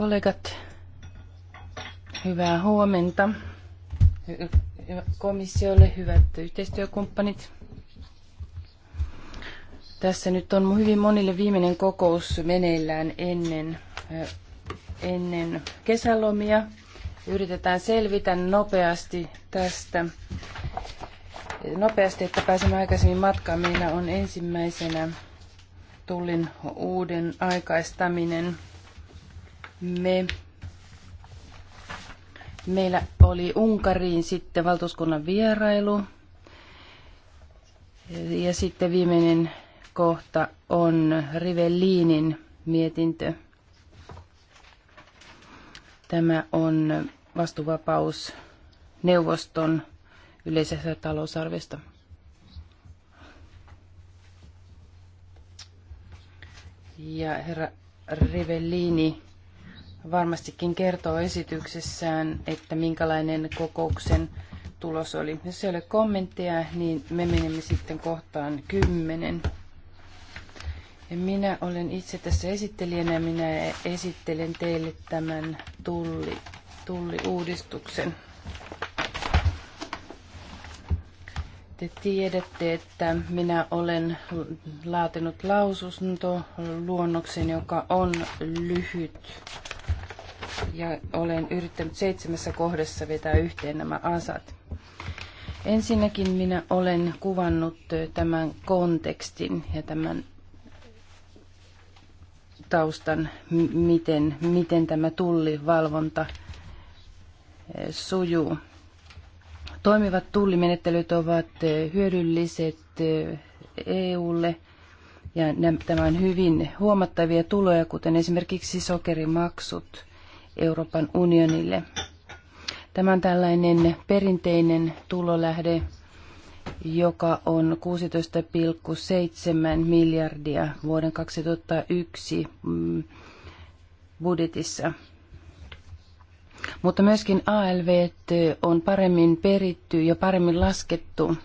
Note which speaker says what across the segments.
Speaker 1: Kollegat, hyvää huomenta. Komissiolle hyvät yhteistyökumppanit. Tässä nyt on hyvin monille viimeinen kokous meneillään ennen, ennen kesälomia. Yritetään selvitä nopeasti tästä nopeasti, että pääsemme aikaisemmin matkaan. Meillä on ensimmäisenä tullin uuden aikaistaminen me, meillä oli Unkariin sitten valtuuskunnan vierailu. Ja sitten viimeinen kohta on Rivelliinin mietintö. Tämä on vastuvapaus neuvoston yleisestä talousarvesta. Ja herra Rivellini varmastikin kertoo esityksessään, että minkälainen kokouksen tulos oli. Jos ei ole kommentteja, niin me menemme sitten kohtaan kymmenen. Ja minä olen itse tässä esittelijänä ja minä esittelen teille tämän tulli, tulliuudistuksen. Te tiedätte, että minä olen laatinut lausunto luonnoksen, joka on lyhyt ja olen yrittänyt seitsemässä kohdassa vetää yhteen nämä asat. Ensinnäkin minä olen kuvannut tämän kontekstin ja tämän taustan, miten, miten tämä tullivalvonta sujuu. Toimivat tullimenettelyt ovat hyödylliset EUlle ja tämä on hyvin huomattavia tuloja, kuten esimerkiksi sokerimaksut. Euroopan unionille. Tämä on tällainen perinteinen tulolähde, joka on 16,7 miljardia vuoden 2001 mm, budjetissa. Mutta myöskin ALV on paremmin peritty ja paremmin laskettu.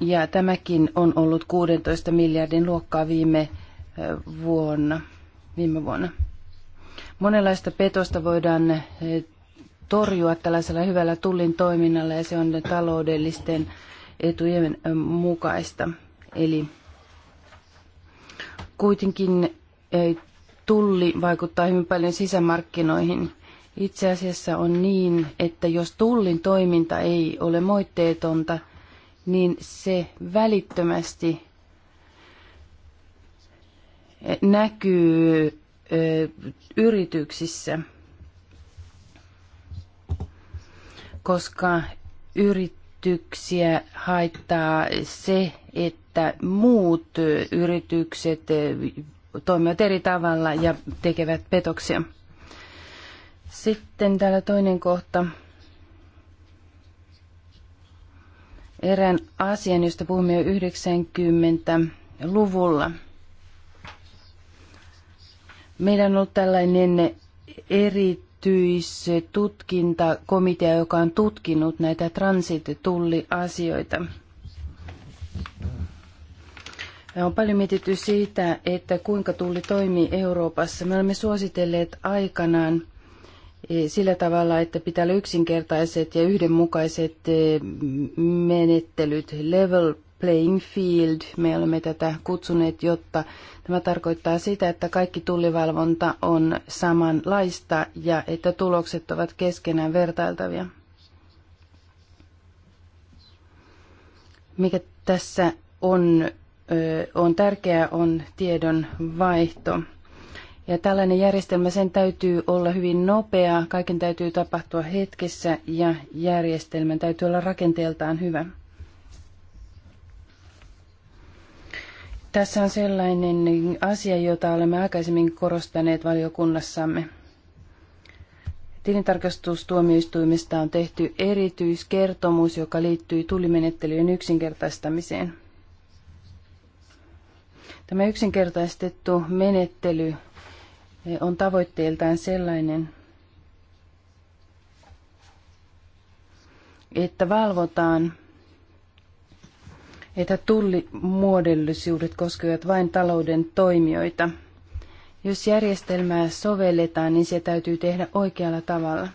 Speaker 1: Ja tämäkin on ollut 16 miljardin luokkaa viime vuonna. Viime vuonna. Monenlaista petosta voidaan eh, torjua tällaisella hyvällä tullin toiminnalla ja se on taloudellisten etujen eh, mukaista. Eli kuitenkin eh, tulli vaikuttaa hyvin paljon sisämarkkinoihin. Itse asiassa on niin, että jos tullin toiminta ei ole moitteetonta, niin se välittömästi näkyy yrityksissä, koska yrityksiä haittaa se, että muut yritykset toimivat eri tavalla ja tekevät petoksia. Sitten täällä toinen kohta. Erään asian, josta puhumme jo 90-luvulla. Meidän on ollut tällainen erityistutkintakomitea, joka on tutkinut näitä transit-tulliasioita. On paljon mietitty siitä, että kuinka tulli toimii Euroopassa. Me olemme suositelleet aikanaan e, sillä tavalla, että pitää olla yksinkertaiset ja yhdenmukaiset e, menettelyt, level playing field, me olemme tätä kutsuneet, jotta tämä tarkoittaa sitä, että kaikki tullivalvonta on samanlaista ja että tulokset ovat keskenään vertailtavia. Mikä tässä on, on tärkeää, on tiedon vaihto. Ja tällainen järjestelmä, sen täytyy olla hyvin nopea, kaiken täytyy tapahtua hetkessä ja järjestelmän täytyy olla rakenteeltaan hyvä. Tässä on sellainen asia, jota olemme aikaisemmin korostaneet valiokunnassamme. Tilintarkastustuomioistuimesta on tehty erityiskertomus, joka liittyy tulimenettelyjen yksinkertaistamiseen. Tämä yksinkertaistettu menettely eh, on tavoitteeltaan sellainen, että valvotaan että tullimuodollisuudet koskevat vain talouden toimijoita. Jos järjestelmää sovelletaan, niin se täytyy tehdä oikealla tavalla.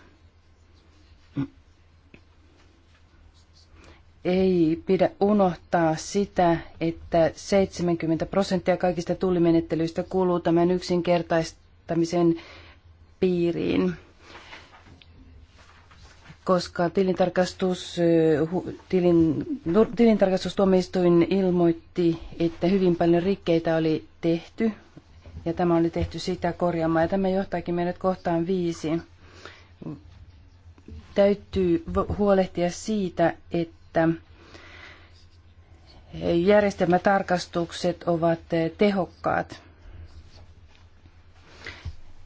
Speaker 1: Ei pidä unohtaa sitä, että 70 prosenttia kaikista tullimenettelyistä kuuluu tämän yksinkertaistamisen piiriin koska tilintarkastus, eh, tilin, no, tilintarkastustuomioistuin ilmoitti, että hyvin paljon rikkeitä oli tehty ja tämä oli tehty sitä korjaamaan. Ja tämä johtaakin meidät kohtaan viisi. Täytyy huolehtia siitä, että järjestelmätarkastukset ovat eh, tehokkaat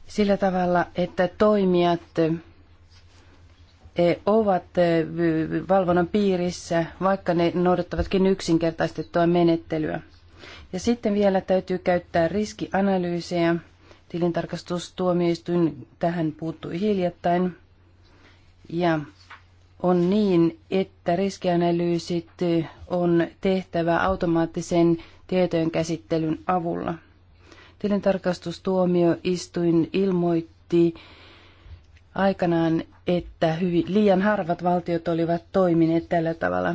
Speaker 1: sillä tavalla, että toimijat eh, E, ovat e, valvonnan piirissä, vaikka ne noudattavatkin yksinkertaistettua menettelyä. Ja sitten vielä täytyy käyttää riskianalyysejä. Tilintarkastustuomioistuin tähän puuttui hiljattain. Ja on niin, että riskianalyysit on tehtävä automaattisen tietojen käsittelyn avulla. Tilintarkastustuomioistuin ilmoitti, aikanaan, että hyvin, liian harvat valtiot olivat toimineet tällä tavalla.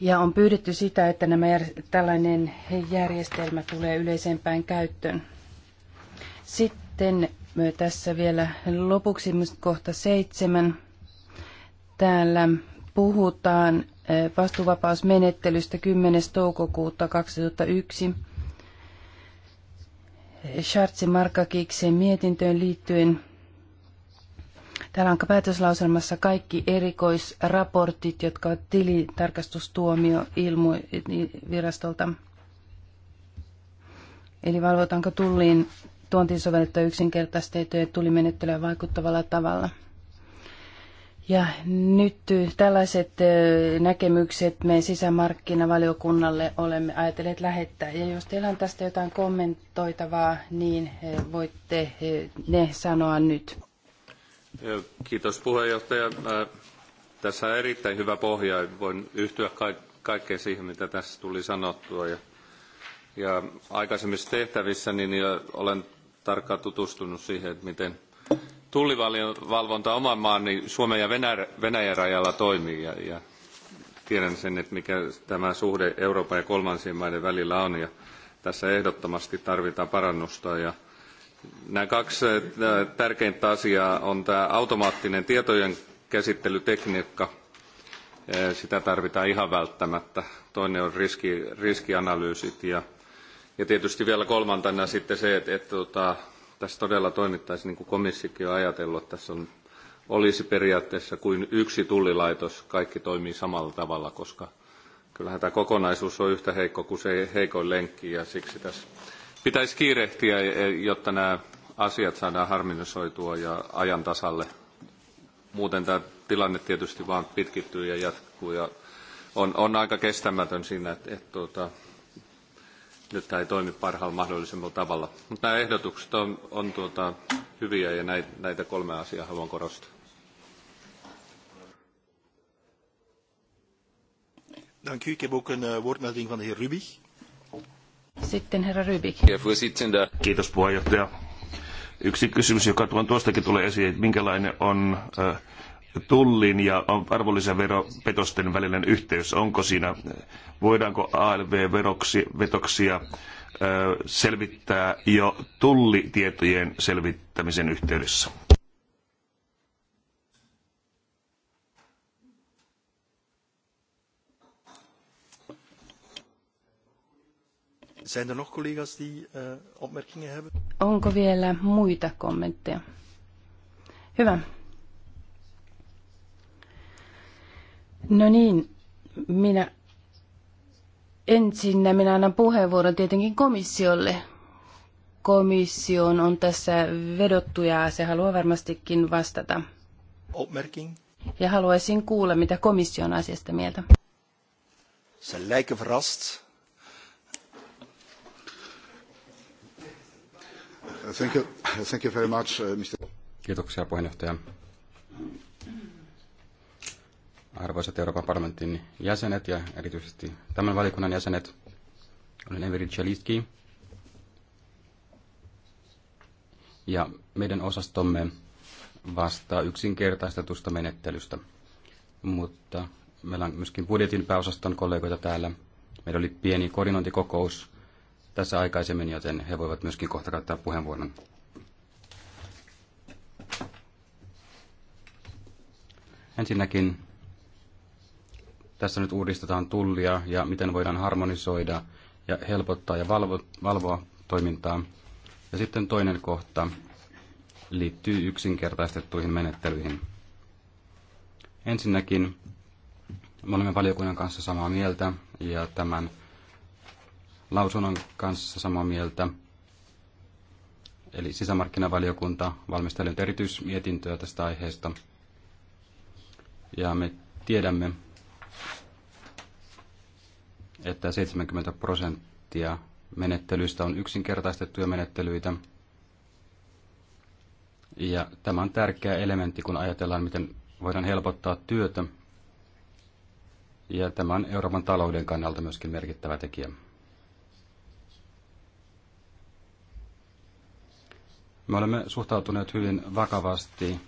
Speaker 1: Ja on pyydetty sitä, että nämä, tällainen järjestelmä tulee yleisempään käyttöön. Sitten tässä vielä lopuksi kohta seitsemän. Täällä puhutaan vastuuvapausmenettelystä 10. toukokuuta 2001 Shartsi Markakiksen mietintöön liittyen. Täällä on päätöslauselmassa kaikki erikoisraportit, jotka ovat tilitarkastustuomio virastolta. Eli valvotaanko tulliin tuontiin sovellettuja yksinkertaistettuja tulimenettelyä vaikuttavalla tavalla. Ja nyt tällaiset näkemykset me sisämarkkinavaliokunnalle olemme ajatelleet lähettää. Ja jos teillä on tästä jotain kommentoitavaa, niin voitte ne sanoa nyt.
Speaker 2: Kiitos puheenjohtaja. Tässä on erittäin hyvä pohja. Voin yhtyä kaikkeen siihen, mitä tässä tuli sanottua. Ja, ja aikaisemmissa tehtävissä niin, niin olen tarkkaan tutustunut siihen, että miten tullivalvonta oman maani niin Suomen ja Venäjän rajalla toimii ja, ja tiedän sen, että mikä tämä suhde Euroopan ja kolmansien maiden välillä on ja tässä ehdottomasti tarvitaan parannusta ja Nämä kaksi äh, tärkeintä asiaa on tämä automaattinen tietojen käsittelytekniikka. Äh, sitä tarvitaan ihan välttämättä. Toinen on riski, riskianalyysit ja, ja tietysti vielä kolmantena sitten se, että, että tota, tässä todella toimittaisiin niin kuin komissikin on ajatellut, tässä on, olisi periaatteessa kuin yksi tullilaitos, kaikki toimii samalla tavalla, koska kyllähän tämä kokonaisuus on yhtä heikko kuin se heikoin lenkki ja siksi tässä pitäisi kiirehtiä, jotta nämä asiat saadaan harminisoitua ja ajan tasalle. Muuten tämä tilanne tietysti vaan pitkittyy ja jatkuu ja on, on aika kestämätön siinä, että, että että tuota, tämä ei toimi parhaalla mahdollisella tavalla. Mutta nämä ehdotukset on, on tuota, hyviä ja näitä, näitä kolmea asiaa haluan korostaa.
Speaker 3: Dank u. Ik heb ook een eh, woordmelding van
Speaker 1: de heer Sitten herra Rybik.
Speaker 4: Eh, Kiitos puheenjohtaja. Yksi kysymys, joka tuon tuostakin tulee esiin, että minkälainen on eh, tullin ja arvonlisäveropetosten välinen yhteys? Onko siinä, voidaanko ALV-vetoksia selvittää jo tullitietojen selvittämisen yhteydessä?
Speaker 3: Er eh,
Speaker 1: onko vielä muita kommentteja? Hyvä. No niin, minä ensinnä minä annan puheenvuoron tietenkin komissiolle. Komission on tässä vedottu ja se haluaa varmastikin vastata.
Speaker 3: Opmerking.
Speaker 1: Oh, ja haluaisin kuulla, mitä komission asiasta mieltä.
Speaker 3: Se lijken verrast.
Speaker 5: Thank you. Thank you very much, uh, Mr. Kiitoksia puheenjohtaja arvoisat Euroopan parlamentin jäsenet ja erityisesti tämän valiokunnan jäsenet. Olen Emiri Chelitski. Ja meidän osastomme vastaa yksinkertaistetusta menettelystä. Mutta meillä on myöskin budjetin pääosaston kollegoita täällä. Meillä oli pieni koordinointikokous tässä aikaisemmin, joten he voivat myöskin kohta käyttää puheenvuoron. Ensinnäkin tässä nyt uudistetaan tullia ja miten voidaan harmonisoida ja helpottaa ja valvo, valvoa toimintaa. Ja sitten toinen kohta liittyy yksinkertaistettuihin menettelyihin. Ensinnäkin me olemme valiokunnan kanssa samaa mieltä ja tämän lausunnon kanssa samaa mieltä. Eli sisämarkkinavaliokunta valmisteli erityismietintöä tästä aiheesta. Ja me tiedämme, että 70 prosenttia menettelyistä on yksinkertaistettuja menettelyitä. Ja tämä on tärkeä elementti, kun ajatellaan, miten voidaan helpottaa työtä. Ja tämä on Euroopan talouden kannalta myöskin merkittävä tekijä. Me olemme suhtautuneet hyvin vakavasti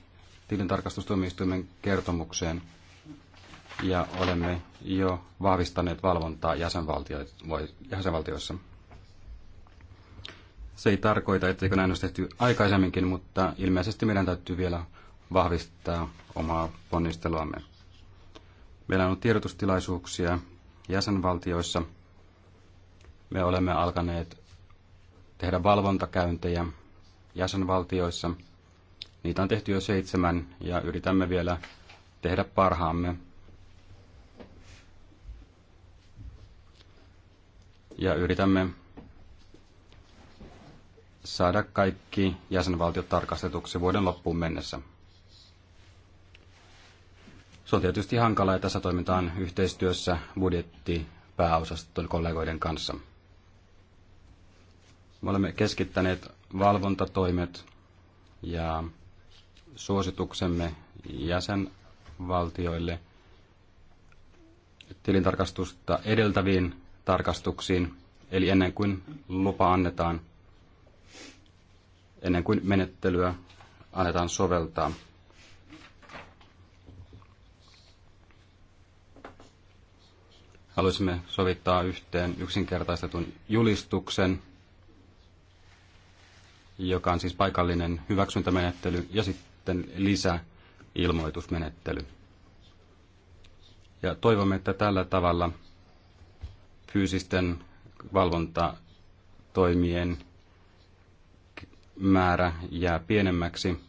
Speaker 5: tilintarkastustuomioistuimen kertomukseen – ja olemme jo vahvistaneet valvontaa jäsenvaltioissa. Se ei tarkoita, etteikö näin olisi tehty aikaisemminkin, mutta ilmeisesti meidän täytyy vielä vahvistaa omaa ponnisteluamme. Meillä on ollut tiedotustilaisuuksia jäsenvaltioissa. Me olemme alkaneet tehdä valvontakäyntejä jäsenvaltioissa. Niitä on tehty jo seitsemän ja yritämme vielä tehdä parhaamme ja yritämme saada kaikki jäsenvaltiot tarkastetuksi vuoden loppuun mennessä. Se on tietysti hankalaa ja tässä toimitaan yhteistyössä budjettipääosaston kollegoiden kanssa. Me olemme keskittäneet valvontatoimet ja suosituksemme jäsenvaltioille tilintarkastusta edeltäviin tarkastuksiin, eli ennen kuin lupa annetaan, ennen kuin menettelyä annetaan soveltaa. Haluaisimme sovittaa yhteen yksinkertaistetun julistuksen, joka on siis paikallinen hyväksyntämenettely ja sitten lisäilmoitusmenettely. Ja toivomme, että tällä tavalla – fyysisten valvontatoimien määrä jää pienemmäksi.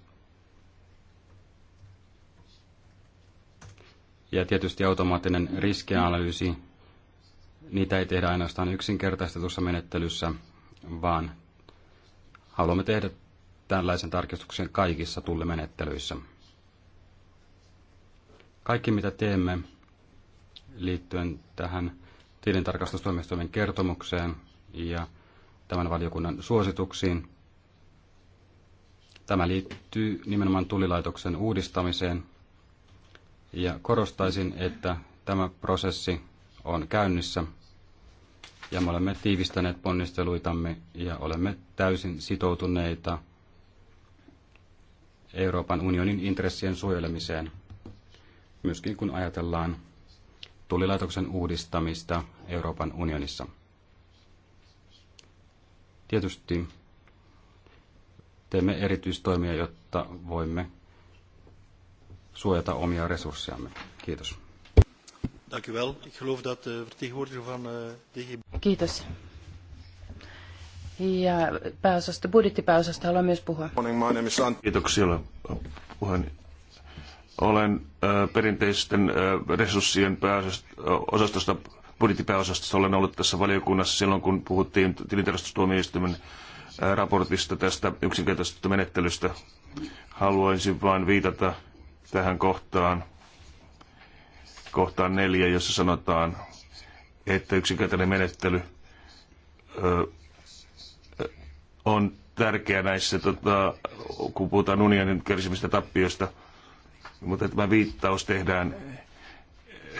Speaker 5: Ja tietysti automaattinen riskianalyysi, niitä ei tehdä ainoastaan yksinkertaistetussa menettelyssä, vaan haluamme tehdä tällaisen tarkistuksen kaikissa tullimenettelyissä. Kaikki mitä teemme liittyen tähän tilintarkastustoimistojen kertomukseen ja tämän valiokunnan suosituksiin. Tämä liittyy nimenomaan tulilaitoksen uudistamiseen ja korostaisin, että tämä prosessi on käynnissä ja me olemme tiivistäneet ponnisteluitamme ja olemme täysin sitoutuneita Euroopan unionin intressien suojelemiseen, myöskin kun ajatellaan tullilaitoksen uudistamista Euroopan unionissa. Tietysti teemme erityistoimia, jotta voimme suojata omia resurssejamme. Kiitos.
Speaker 3: Eh,
Speaker 1: Kiitos. Ja pääosasta, budjettipääosasta haluan myös puhua.
Speaker 4: Kiitoksia puheen olen perinteisten resurssien osastosta, budjettipääosastosta olen ollut tässä valiokunnassa silloin, kun puhuttiin tilintarkastustuomioistuimen raportista tästä yksinkertaisesta menettelystä. Haluaisin vain viitata tähän kohtaan, kohtaan neljä, jossa sanotaan, että yksinkertainen menettely on tärkeä näissä, tota, kun puhutaan unionin kärsimistä tappioista – mutta tämä viittaus tehdään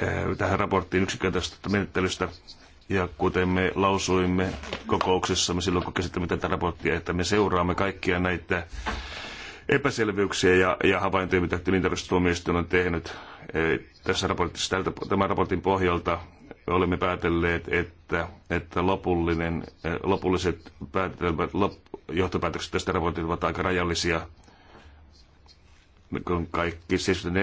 Speaker 4: eh, tähän raporttiin yksinkertaisesta menettelystä. Ja kuten me lausuimme kokouksessamme silloin, kun käsittelimme tätä raporttia, että me seuraamme kaikkia näitä epäselvyyksiä ja, ja havaintoja, mitä tilintarkastustuomioistuin on tehnyt eh, tässä raportissa. Tältä, tämän raportin pohjalta olemme päätelleet, että, että lopullinen, eh, lopulliset päätelmät, lop, johtopäätökset tästä raportista ovat aika rajallisia kun kaikki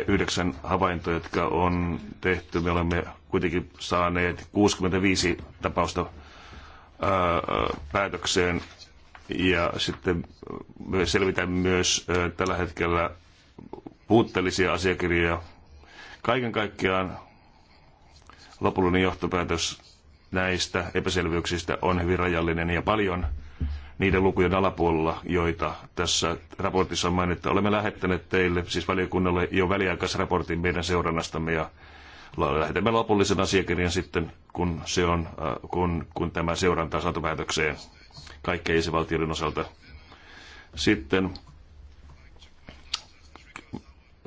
Speaker 4: yhdeksän havaintoja, jotka on tehty, me olemme kuitenkin saaneet 65 tapausta ää, päätökseen ja sitten me selvitämme myös ää, tällä hetkellä puutteellisia asiakirjoja. Kaiken kaikkiaan lopullinen johtopäätös näistä epäselvyyksistä on hyvin rajallinen ja paljon – niiden lukujen alapuolella, joita tässä raportissa on mainittu. Olemme lähettäneet teille, siis valiokunnalle, jo väliaikaisraportin meidän seurannastamme ja lähetämme lopullisen asiakirjan sitten, kun, se on, äh, kun, kun tämä seuranta on saatu päätökseen kaikkien jäsenvaltioiden osalta. Sitten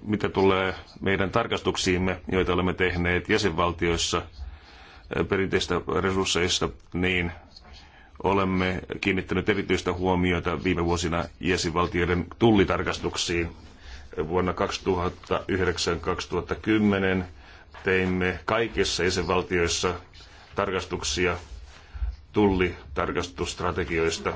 Speaker 4: mitä tulee meidän tarkastuksiimme, joita olemme tehneet jäsenvaltioissa äh, perinteistä resursseista, niin olemme kiinnittäneet erityistä huomiota viime vuosina jäsenvaltioiden tullitarkastuksiin. Vuonna 2009-2010 teimme kaikissa jäsenvaltioissa tarkastuksia tullitarkastusstrategioista.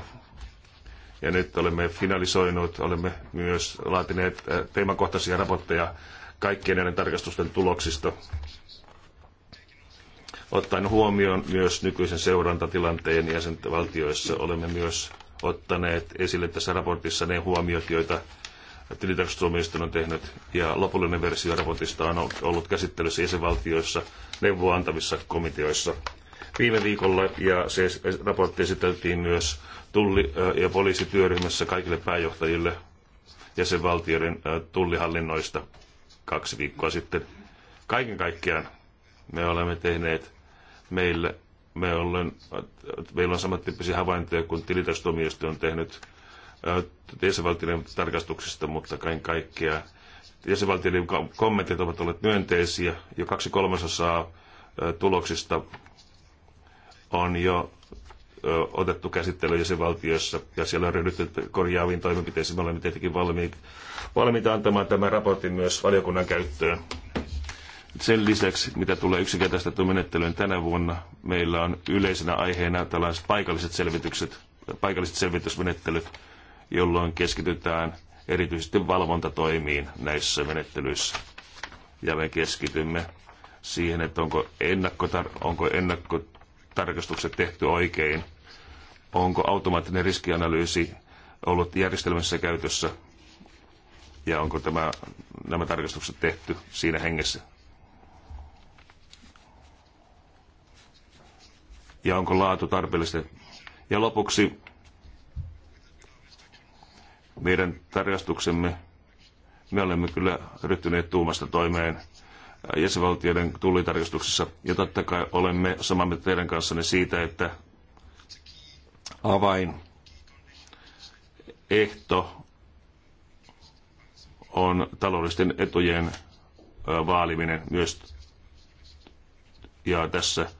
Speaker 4: Ja nyt olemme finalisoineet olemme myös laatineet äh, teemakohtaisia raportteja kaikkien näiden tarkastusten tuloksista Ottaen huomioon myös nykyisen seurantatilanteen jäsenvaltioissa olemme myös ottaneet esille tässä raportissa ne huomiot, joita tilintarkastustuomioistuin on tehnyt, ja lopullinen versio raportista on ollut käsittelyssä jäsenvaltioissa neuvoa antavissa komiteoissa viime viikolla, ja se raportti esiteltiin myös tulli- ja poliisityöryhmässä kaikille pääjohtajille jäsenvaltioiden tullihallinnoista kaksi viikkoa sitten. Kaiken kaikkiaan me olemme tehneet Meille me ollen, meillä on samantyyppisiä havaintoja kuin tilitastuomioistuin on tehnyt äh, jäsenvaltioiden tarkastuksista, mutta kaiken kaikkea jäsenvaltioiden kommentit ovat olleet myönteisiä jo kaksi kolmasosaa äh, tuloksista on jo äh, otettu käsittelyyn jäsenvaltioissa ja siellä on ryhdytty korjaaviin toimenpiteisiin. Me olemme tietenkin valmiit, valmiita antamaan tämän raportin myös valiokunnan käyttöön. Sen lisäksi, mitä tulee yksinkertaistettuun menettelyyn tänä vuonna, meillä on yleisenä aiheena tällaiset paikalliset selvitykset, paikalliset selvitysmenettelyt, jolloin keskitytään erityisesti valvontatoimiin näissä menettelyissä. Ja me keskitymme siihen, että onko, ennakkotar- onko ennakkotarkastukset tehty oikein, onko automaattinen riskianalyysi ollut järjestelmässä käytössä ja onko tämä, nämä tarkastukset tehty siinä hengessä, ja onko laatu tarpeellista. Ja lopuksi meidän tarjastuksemme, me olemme kyllä ryhtyneet tuumasta toimeen jäsenvaltioiden tullitarkastuksessa. Ja totta kai olemme samaa mieltä teidän kanssanne siitä, että avain ehto on taloudellisten etujen vaaliminen myös. Ja tässä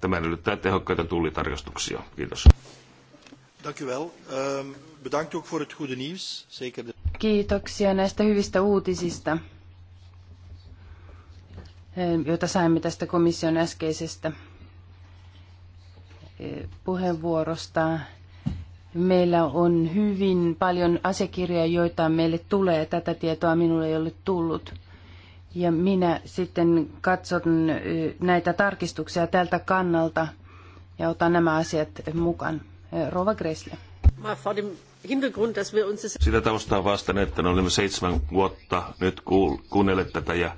Speaker 4: Tämä edellyttää tehokkaita tullitarkastuksia. Kiitos.
Speaker 1: Kiitoksia näistä hyvistä uutisista, ehm, joita saimme tästä komission äskeisestä eh, puheenvuorosta. Meillä on hyvin paljon asiakirjoja, joita meille tulee. Tätä tietoa minulle ei ole tullut. Ja minä sitten katson näitä tarkistuksia tältä kannalta ja otan nämä asiat mukaan. Rova Gressle.
Speaker 4: Sitä taustaa vasten, että me olimme seitsemän vuotta nyt kuunnelleet tätä ja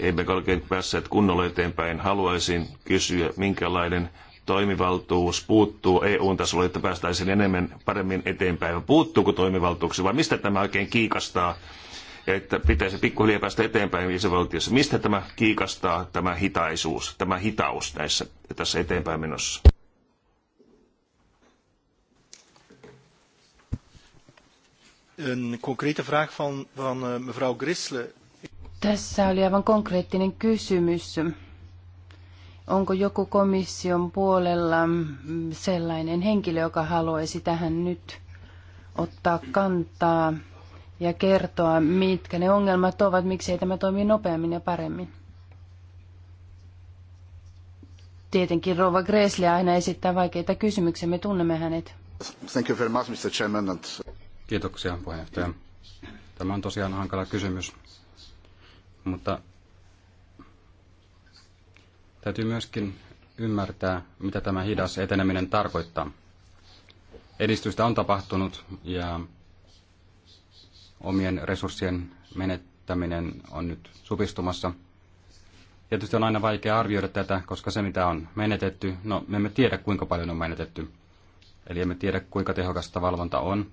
Speaker 4: emme oikein päässeet kunnolla eteenpäin. Haluaisin kysyä, minkälainen toimivaltuus puuttuu EU:n tasolla että päästäisiin enemmän paremmin eteenpäin. Puuttuuko toimivaltuuksia vai mistä tämä oikein kiikastaa? että pitäisi pikkuhiljaa päästä eteenpäin jäsenvaltiossa. Mistä tämä kiikastaa, tämä hitaisuus, tämä hitaus näissä, tässä eteenpäin menossa?
Speaker 3: Een concrete vraag van, van eh, mevrouw Grisle.
Speaker 1: Tässä oli aivan konkreettinen kysymys. Onko joku komission puolella sellainen henkilö, joka haluaisi tähän nyt ottaa kantaa? ja kertoa, mitkä ne ongelmat ovat, ei tämä toimi nopeammin ja paremmin. Tietenkin Rova Gressle aina esittää vaikeita kysymyksiä, me tunnemme hänet.
Speaker 5: Thank you very much, Mr. Chairman. Kiitoksia puheenjohtaja. Tämä on tosiaan hankala kysymys, mutta täytyy myöskin ymmärtää, mitä tämä hidas eteneminen tarkoittaa. Edistystä on tapahtunut ja omien resurssien menettäminen on nyt supistumassa. Tietysti on aina vaikea arvioida tätä, koska se mitä on menetetty, no me emme tiedä kuinka paljon on menetetty. Eli emme tiedä kuinka tehokasta valvonta on.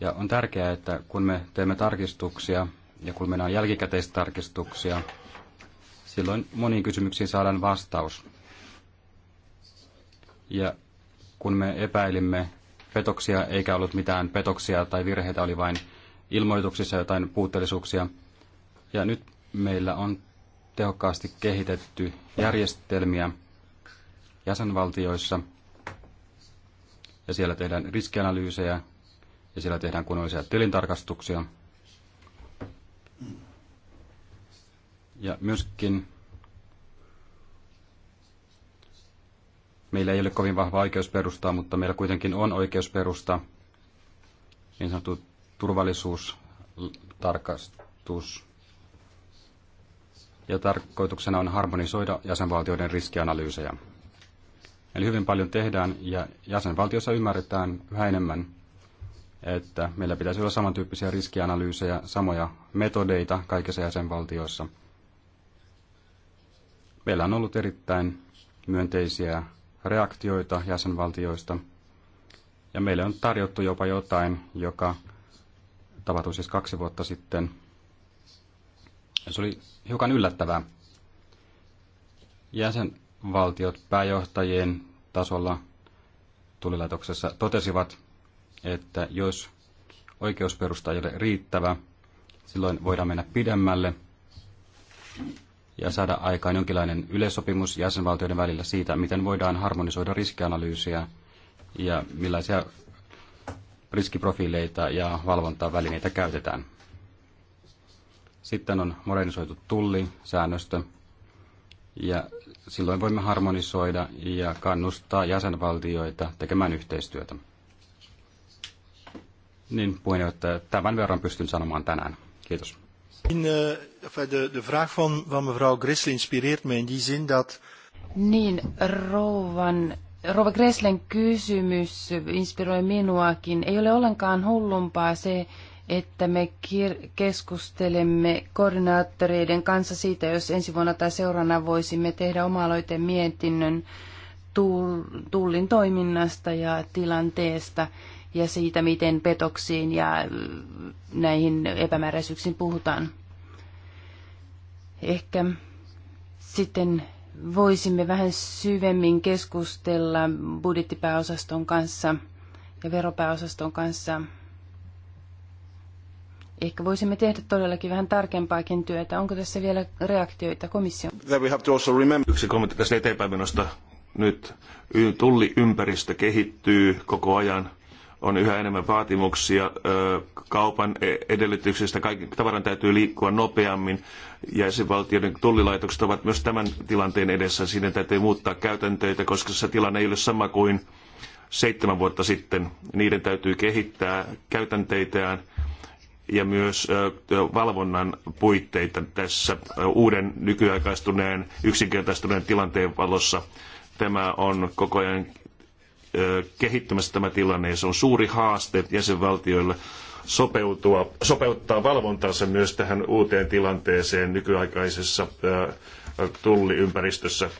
Speaker 5: Ja on tärkeää, että kun me teemme tarkistuksia ja kun meillä on jälkikäteistarkistuksia, silloin moniin kysymyksiin saadaan vastaus. Ja kun me epäilimme petoksia, eikä ollut mitään petoksia tai virheitä, oli vain ilmoituksissa jotain puutteellisuuksia. Ja nyt meillä on tehokkaasti kehitetty järjestelmiä jäsenvaltioissa, ja siellä tehdään riskianalyysejä, ja siellä tehdään kunnollisia tilintarkastuksia. Ja myöskin Meillä ei ole kovin vahva oikeusperusta, mutta meillä kuitenkin on oikeusperusta, niin sanottu turvallisuustarkastus. Ja tarkoituksena on harmonisoida jäsenvaltioiden riskianalyysejä. Eli hyvin paljon tehdään ja jäsenvaltiossa ymmärretään yhä enemmän, että meillä pitäisi olla samantyyppisiä riskianalyysejä, samoja metodeita kaikissa jäsenvaltioissa. Meillä on ollut erittäin myönteisiä reaktioita jäsenvaltioista. Ja meille on tarjottu jopa jotain, joka tapahtui siis kaksi vuotta sitten. Se oli hiukan yllättävää. Jäsenvaltiot pääjohtajien tasolla tulilaitoksessa totesivat, että jos oikeusperusta ei ole riittävä, silloin voidaan mennä pidemmälle ja saada aikaan jonkinlainen yleissopimus jäsenvaltioiden välillä siitä, miten voidaan harmonisoida riskianalyysiä ja millaisia riskiprofiileita ja valvontavälineitä käytetään. Sitten on modernisoitu säännöstö, ja silloin voimme harmonisoida ja kannustaa jäsenvaltioita tekemään yhteistyötä. Niin puheenjohtaja, tämän verran pystyn sanomaan tänään. Kiitos.
Speaker 3: Eh, de vraag van, van mevrouw Gressle inspireert me in die zin dat...
Speaker 1: Niin, rouvan, rouva Gresslen kysymys inspiroi minuakin. Ei ole ollenkaan hullumpaa se, että me keskustelemme koordinaattoreiden kanssa siitä, jos ensi vuonna tai seurana voisimme tehdä oma-aloiteen mietinnön tullin toiminnasta ja tilanteesta ja siitä, miten petoksiin ja äh, näihin epämääräisyyksiin puhutaan. Ehkä sitten voisimme vähän syvemmin keskustella budjettipääosaston kanssa ja veropääosaston kanssa. Ehkä voisimme tehdä todellakin vähän tarkempaakin työtä. Onko tässä vielä reaktioita komission?
Speaker 4: Yksi kommentti tästä eteenpäin menosta. Nyt tulliympäristö kehittyy koko ajan on yhä enemmän vaatimuksia kaupan e- edellytyksistä. Kaikki tavaran täytyy liikkua nopeammin. Jäsenvaltioiden tullilaitokset ovat myös tämän tilanteen edessä. Siinä täytyy muuttaa käytänteitä, koska se tilanne ei ole sama kuin seitsemän vuotta sitten. Niiden täytyy kehittää käytänteitään ja myös valvonnan puitteita tässä uuden nykyaikaistuneen yksinkertaistuneen tilanteen valossa. Tämä on koko ajan kehittymässä tämä tilanne ja se on suuri haaste jäsenvaltioille sopeutua, sopeuttaa valvontansa myös tähän uuteen tilanteeseen nykyaikaisessa tulliympäristössä.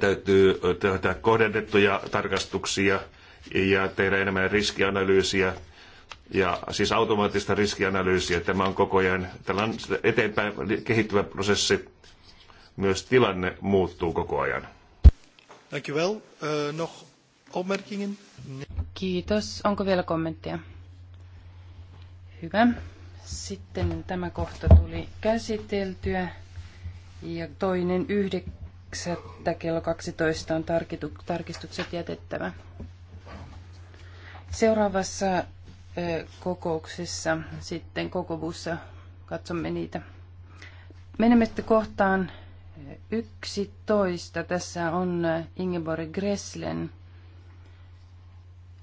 Speaker 4: täytyy tehdä kohdennettuja tarkastuksia ja tehdä enemmän riskianalyysiä ja siis automaattista riskianalyysiä. Tämä on koko ajan tällainen eteenpäin kehittyvä prosessi. Myös tilanne muuttuu koko ajan.
Speaker 1: Dankjewel. Uh, eh, nog opmerkingen? Kiitos. Onko vielä kommenttia? Hyvä. Sitten tämä kohta tuli käsiteltyä. Ja toinen yhdeksättä kello 12 on tarkistukset jätettävä. Seuraavassa kokouksessa sitten kokovuussa katsomme niitä. Menemme sitten kohtaan 11. Tässä on Ingeborg Gresslen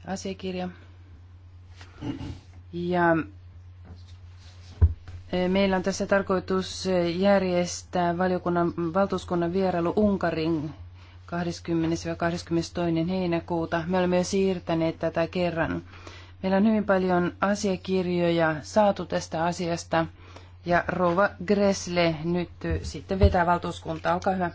Speaker 1: asiakirja. Ja e, meillä on tässä tarkoitus järjestää valiokunnan valtuuskunnan vierailu Unkarin 20. ja 22. heinäkuuta. Me olemme jo siirtäneet tätä kerran. Meillä on hyvin paljon asiakirjoja saatu tästä asiasta. Ja rova Gresle nyt sitten vetää valtuuskuntaa, olkaa hyvä.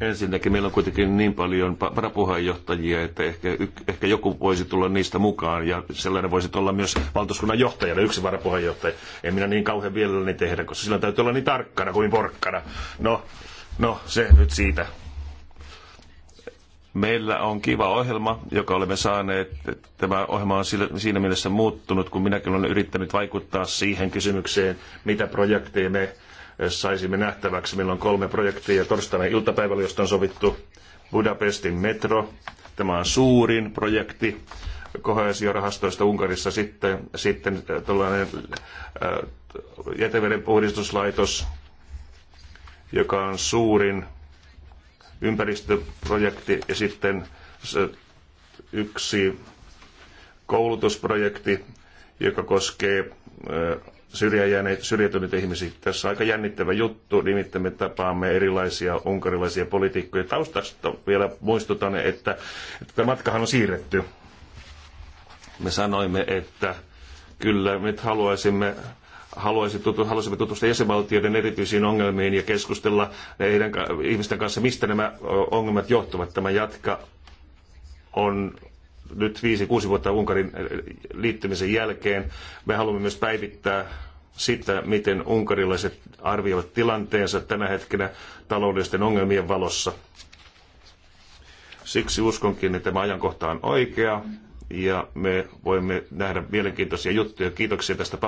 Speaker 4: Ensinnäkin meillä on kuitenkin niin paljon varapuheenjohtajia, että ehkä, ehkä joku voisi tulla niistä mukaan ja sellainen voisi olla myös valtuuskunnan johtajana, yksi varapuheenjohtaja. En minä niin kauhean vielä niin tehdä, koska sillä täytyy olla niin tarkkana kuin porkkana. No, no se nyt siitä. Meillä on kiva ohjelma, joka olemme saaneet. Tämä ohjelma on siinä mielessä muuttunut, kun minäkin olen yrittänyt vaikuttaa siihen kysymykseen, mitä projekteja me eh, saisimme nähtäväksi. Meillä on kolme projektia torstaina iltapäivällä, josta on sovittu Budapestin metro. Tämä on suurin projekti kohesiorahastoista Unkarissa sitten, sitten eh, tällainen eh, jätevedenpuhdistuslaitos, joka on suurin ympäristöprojekti ja sitten yksi koulutusprojekti, joka koskee syrjäytyneitä ihmisiä. Tässä on aika jännittävä juttu, nimittäin me tapaamme erilaisia unkarilaisia poliitikkoja. Taustasta vielä muistutan, että, että tämä matkahan on siirretty. Me sanoimme, että kyllä me haluaisimme haluaisimme tutustua jäsenvaltioiden erityisiin ongelmiin ja keskustella heidän ihmisten kanssa, mistä nämä ongelmat johtuvat. Tämä jatka on nyt viisi kuusi vuotta Unkarin liittymisen jälkeen. Me haluamme myös päivittää sitä, miten unkarilaiset arvioivat tilanteensa tänä hetkenä taloudellisten ongelmien valossa. Siksi uskonkin, että tämä ajankohta on oikea ja me voimme nähdä mielenkiintoisia juttuja. Kiitoksia tästä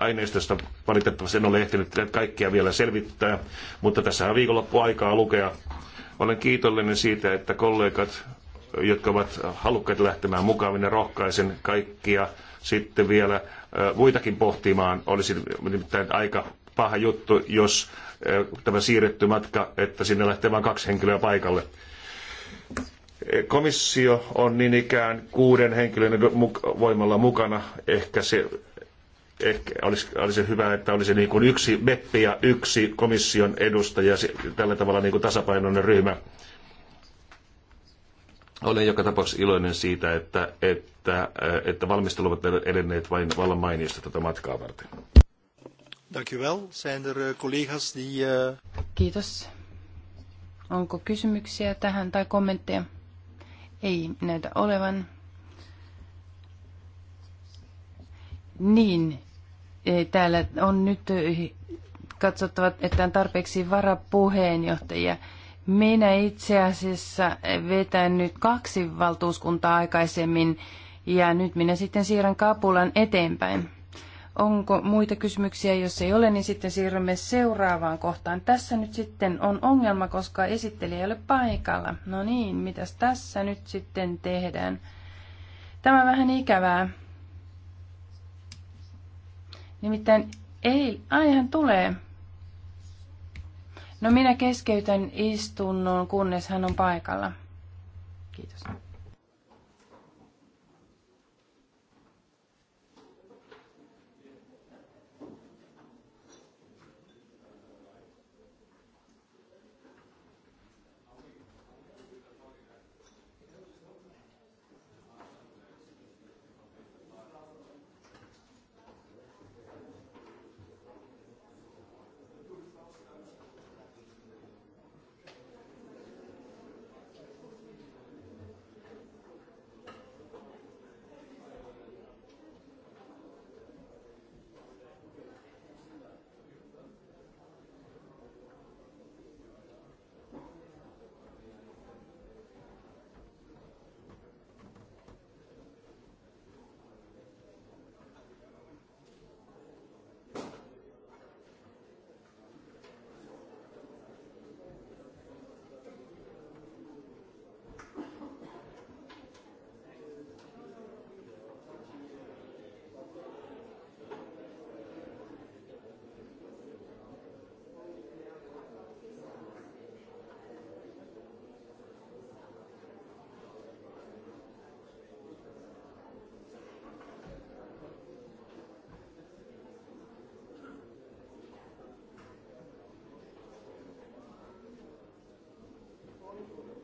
Speaker 4: aineistosta. Valitettavasti en ole ehtinyt kaikkia vielä selvittää, mutta tässä on aikaa lukea. Olen kiitollinen siitä, että kollegat, jotka ovat halukkaita lähtemään mukaan, minä rohkaisen kaikkia sitten vielä muitakin pohtimaan. Olisi nimittäin aika paha juttu, jos tämä siirretty matka, että sinne lähtee vain kaksi henkilöä paikalle Komissio on niin ikään kuuden henkilön voimalla mukana. Ehkä se ehkä olisi, olisi hyvä, että olisi niin kuin yksi meppi ja yksi komission edustaja, tällä tavalla niin kuin tasapainoinen ryhmä. Olen joka tapauksessa iloinen siitä, että, että, että valmistelut ovat edenneet vain vallan mainiosta tätä matkaa varten.
Speaker 3: Er, eh, eh,
Speaker 1: Kiitos. Onko kysymyksiä tähän tai kommentteja? Ei näitä olevan. Niin, e, täällä on nyt e, katsottava, että on tarpeeksi varapuheenjohtajia. Minä itse asiassa vetän nyt kaksi valtuuskuntaa aikaisemmin ja nyt minä sitten siirrän kapulan eteenpäin. Onko muita kysymyksiä? Jos ei ole, niin sitten siirrymme seuraavaan kohtaan. Tässä nyt sitten on ongelma, koska esittelijä ei ole paikalla. No niin, mitäs tässä nyt sitten tehdään? Tämä on vähän ikävää. Nimittäin ei, aihan tulee. No minä keskeytän istunnon, kunnes hän on paikalla. Kiitos. oli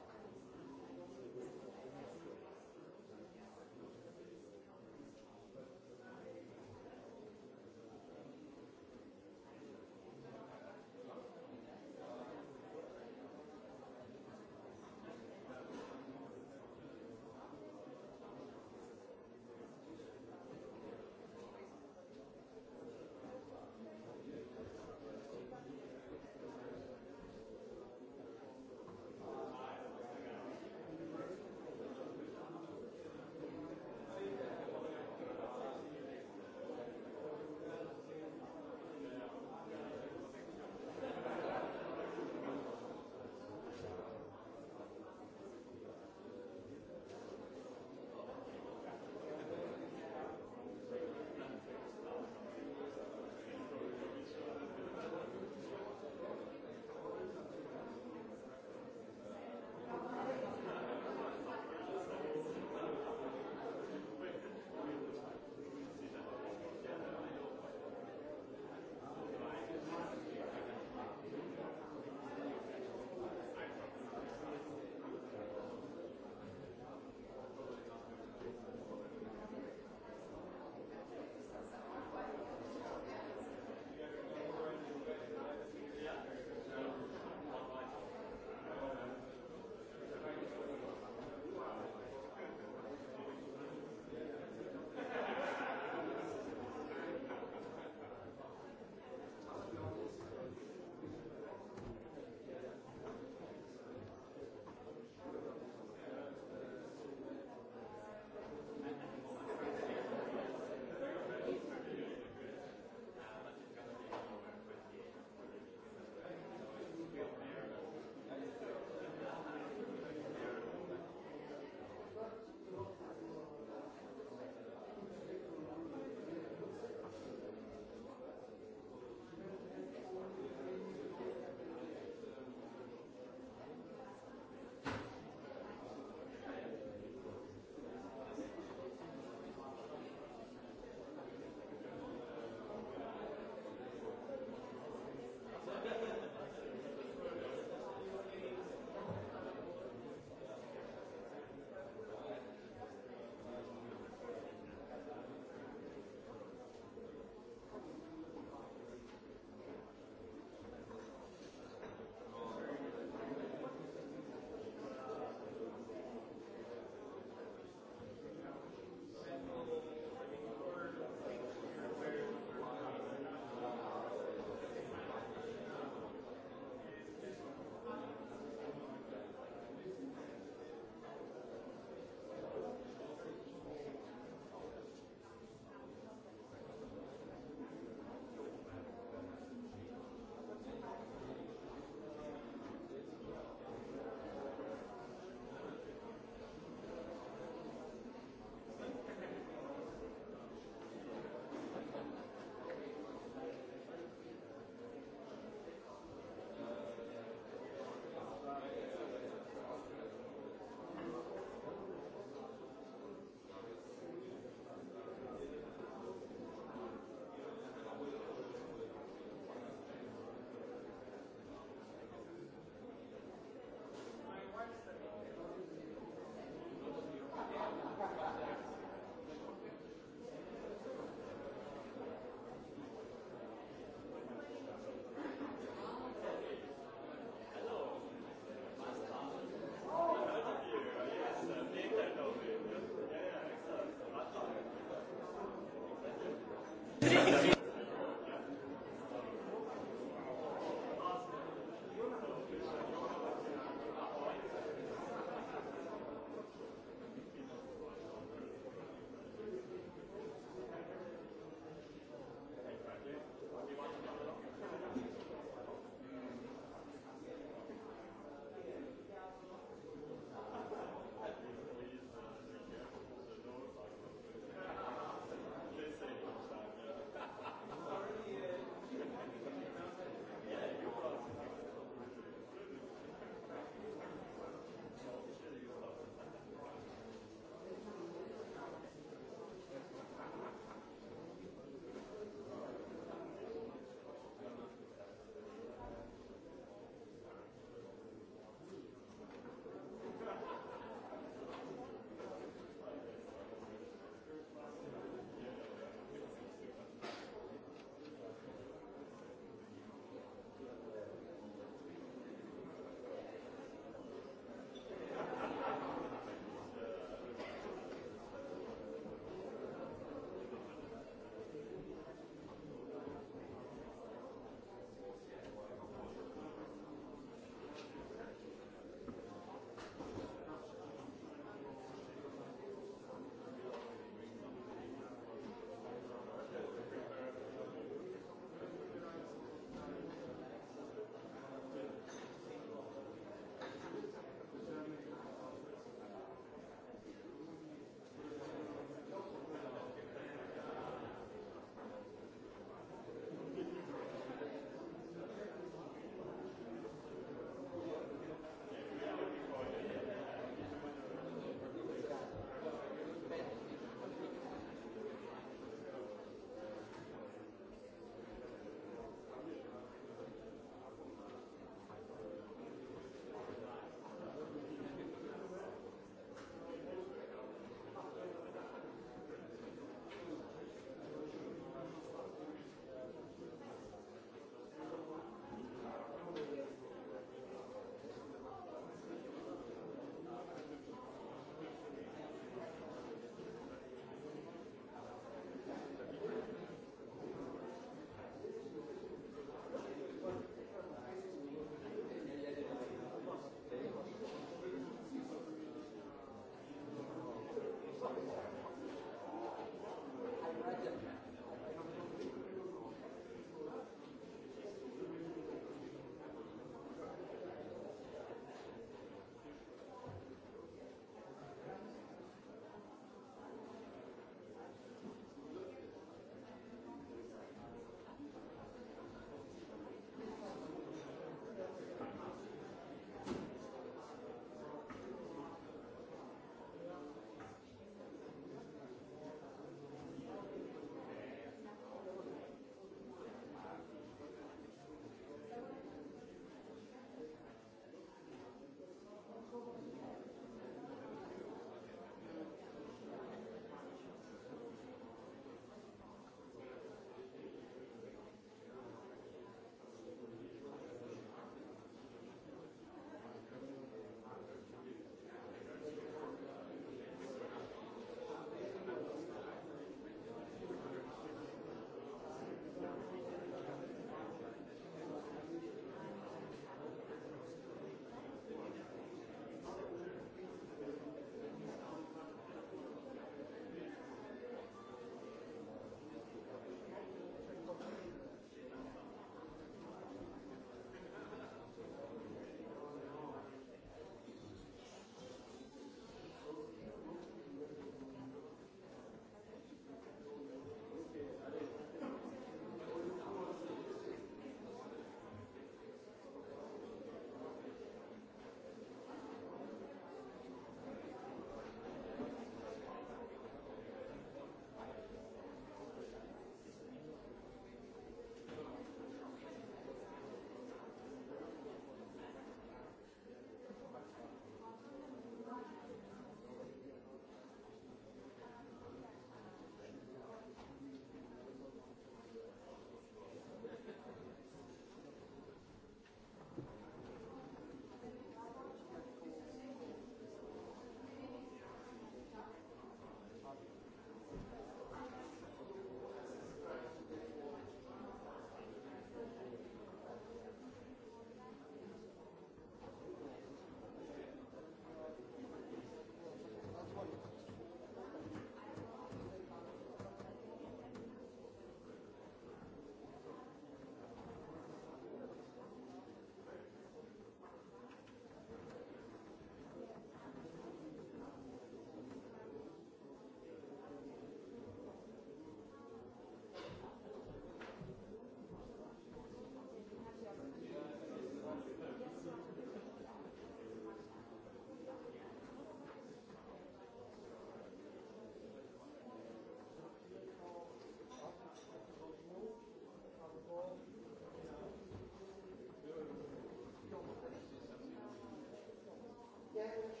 Speaker 6: Yeah.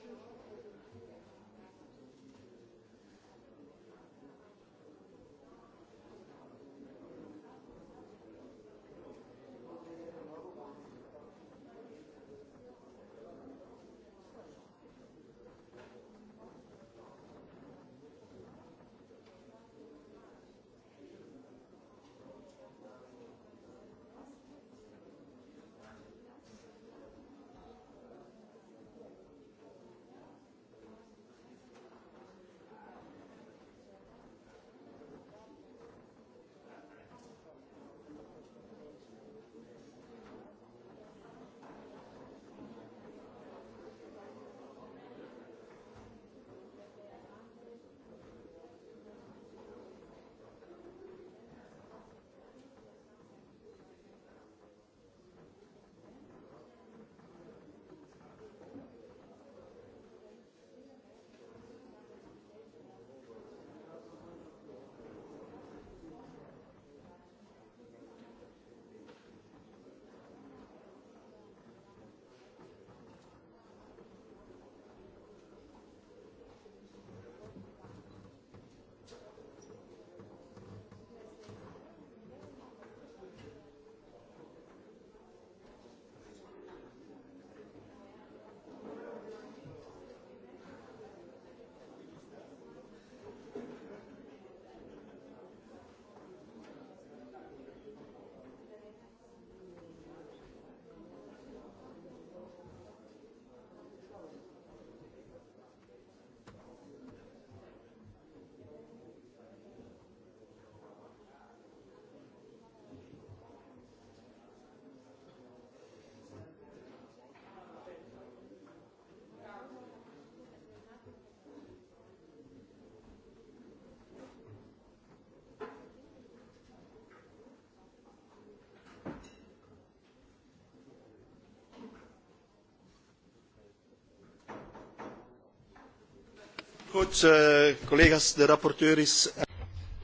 Speaker 3: Goed, eh, collega's, de rapporteur is...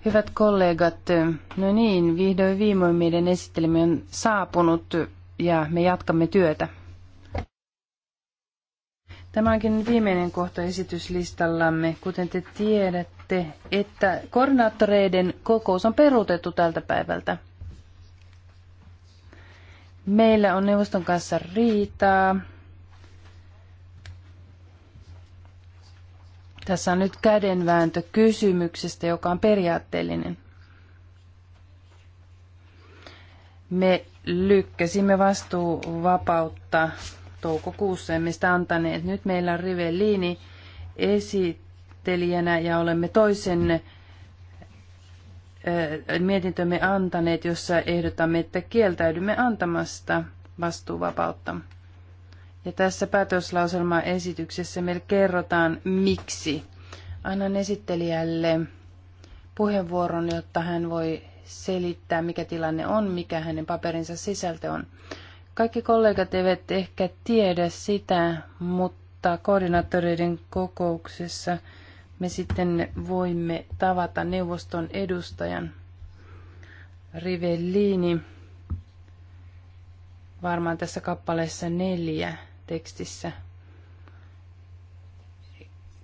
Speaker 1: Hyvät kollegat, no niin, vihdoin viimein meidän esittelemme on saapunut ja me jatkamme työtä. Tämä onkin viimeinen kohta esityslistallamme. Kuten te tiedätte, että koordinaattoreiden kokous on peruutettu tältä päivältä. Meillä on neuvoston kanssa riitaa Tässä on nyt kädenvääntö kysymyksestä, joka on periaatteellinen. Me lykkäsimme vastuuvapautta toukokuussa, emme sitä antaneet. Nyt meillä on Rivellini esittelijänä ja olemme toisen mietintömme antaneet, jossa ehdotamme, että kieltäydymme antamasta vastuuvapautta. Ja tässä päätöslauselmaesityksessä meille kerrotaan miksi. Annan esittelijälle puheenvuoron, jotta hän voi selittää, mikä tilanne on, mikä hänen paperinsa sisältö on. Kaikki kollegat eivät ehkä tiedä sitä, mutta koordinaattoreiden kokouksessa me sitten voimme tavata neuvoston edustajan Rivellini varmaan tässä kappaleessa neljä tekstissä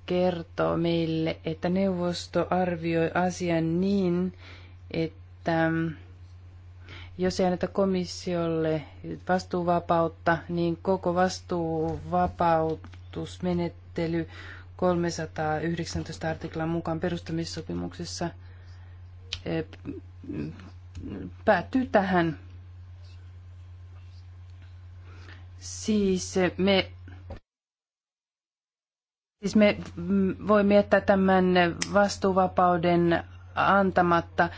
Speaker 1: kertoo meille, että neuvosto arvioi asian niin, että jos ei anneta komissiolle vastuuvapautta, niin koko vastuuvapautusmenettely 319 artiklan mukaan perustamissopimuksessa eh, päättyy tähän Siis me, siis me voimme jättää tämän vastuuvapauden antamatta.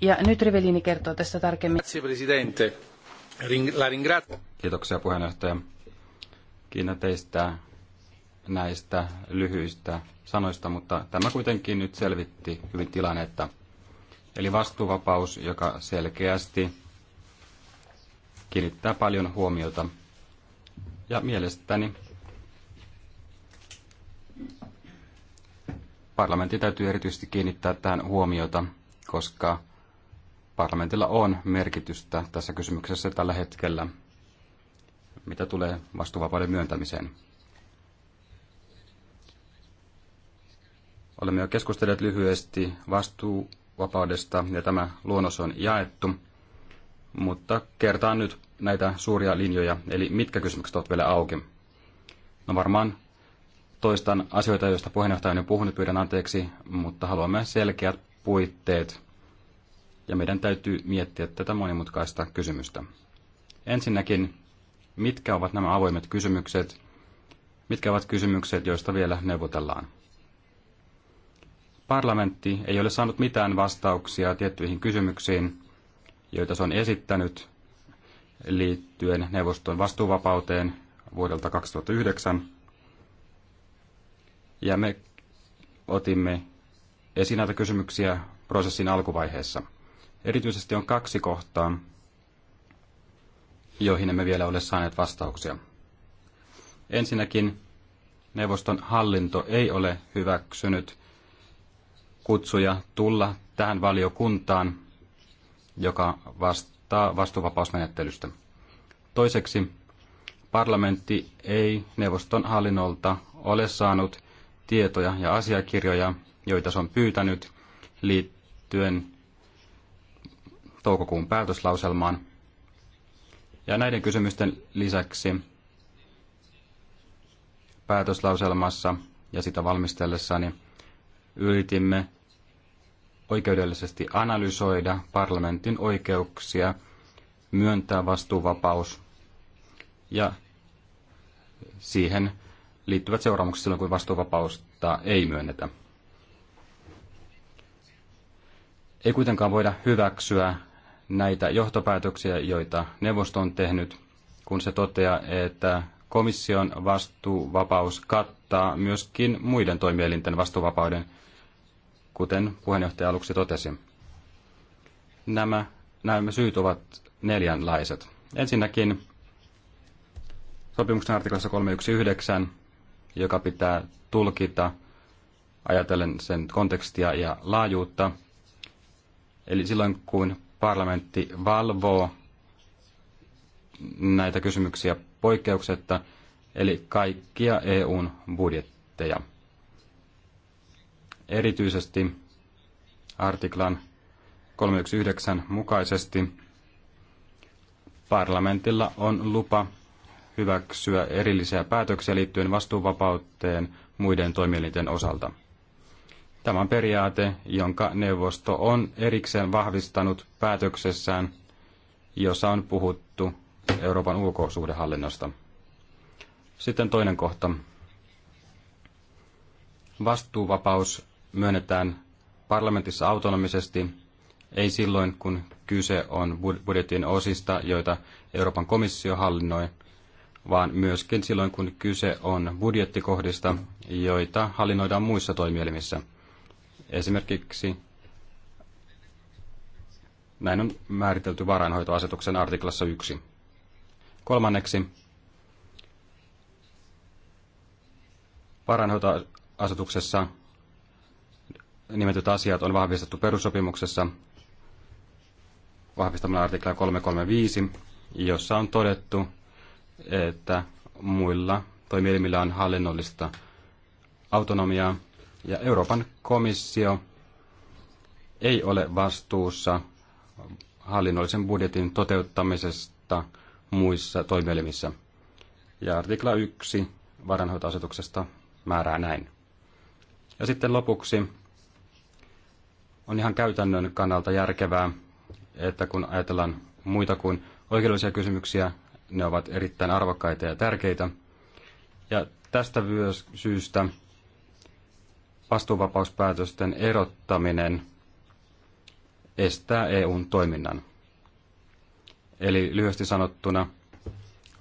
Speaker 1: Ja nyt Rivelini kertoo tästä tarkemmin.
Speaker 5: Kiitoksia puheenjohtaja. Kiinnä teistä näistä lyhyistä sanoista, mutta tämä kuitenkin nyt selvitti hyvin tilannetta. Eli vastuuvapaus, joka selkeästi kiinnittää paljon huomiota. Ja mielestäni parlamentti täytyy erityisesti kiinnittää tähän huomiota, koska parlamentilla on merkitystä tässä kysymyksessä tällä hetkellä, mitä tulee vastuuvapauden myöntämiseen. Olemme jo keskustelleet lyhyesti vastuuvapaudesta ja tämä luonnos on jaettu mutta kertaan nyt näitä suuria linjoja, eli mitkä kysymykset ovat vielä auki. No varmaan toistan asioita, joista puheenjohtaja on jo puhunut, pyydän anteeksi, mutta haluamme selkeät puitteet, ja meidän täytyy miettiä tätä monimutkaista kysymystä. Ensinnäkin, mitkä ovat nämä avoimet kysymykset, mitkä ovat kysymykset, joista vielä neuvotellaan. Parlamentti ei ole saanut mitään vastauksia tiettyihin kysymyksiin, joita se on esittänyt liittyen neuvoston vastuuvapauteen vuodelta 2009. Ja me otimme esiin näitä kysymyksiä prosessin alkuvaiheessa. Erityisesti on kaksi kohtaa, joihin emme vielä ole saaneet vastauksia. Ensinnäkin neuvoston hallinto ei ole hyväksynyt kutsuja tulla tähän valiokuntaan joka vastaa vastuuvapausmenettelystä. Toiseksi, parlamentti ei neuvoston hallinnolta ole saanut tietoja ja asiakirjoja, joita se on pyytänyt liittyen toukokuun päätöslauselmaan. Ja näiden kysymysten lisäksi päätöslauselmassa ja sitä valmistellessani yritimme oikeudellisesti analysoida parlamentin oikeuksia myöntää vastuuvapaus ja siihen liittyvät seuraamukset silloin, kun vastuuvapausta ei myönnetä. Ei kuitenkaan voida hyväksyä näitä johtopäätöksiä, joita neuvosto on tehnyt, kun se toteaa, että komission vastuuvapaus kattaa myöskin muiden toimielinten vastuuvapauden – kuten puheenjohtaja aluksi totesi. Nämä, nämä syyt ovat neljänlaiset. Ensinnäkin sopimuksen artiklassa 319, joka pitää tulkita ajatellen sen kontekstia ja laajuutta. Eli silloin kun parlamentti valvoo näitä kysymyksiä poikkeuksetta, eli kaikkia EUn budjetteja erityisesti artiklan 319 mukaisesti parlamentilla on lupa hyväksyä erillisiä päätöksiä liittyen vastuuvapauteen muiden toimielinten osalta. Tämä on periaate, jonka neuvosto on erikseen vahvistanut päätöksessään, jossa on puhuttu Euroopan ulkosuhdehallinnosta. Sitten toinen kohta. Vastuuvapaus myönnetään parlamentissa autonomisesti, ei silloin kun kyse on budjetin osista, joita Euroopan komissio hallinnoi, vaan myöskin silloin kun kyse on budjettikohdista, joita hallinnoidaan muissa toimielimissä. Esimerkiksi näin on määritelty varainhoitoasetuksen artiklassa 1. Kolmanneksi, varainhoitoasetuksessa nimetyt asiat on vahvistettu perussopimuksessa vahvistamalla artikla 335, jossa on todettu, että muilla toimielimillä on hallinnollista autonomiaa ja Euroopan komissio ei ole vastuussa hallinnollisen budjetin toteuttamisesta muissa toimielimissä. Ja artikla 1 varanhoitoasetuksesta määrää näin. Ja sitten lopuksi on ihan käytännön kannalta järkevää, että kun ajatellaan muita kuin oikeudellisia kysymyksiä, ne ovat erittäin arvokkaita ja tärkeitä. Ja tästä syystä vastuuvapauspäätösten erottaminen estää EUn toiminnan. Eli lyhyesti sanottuna,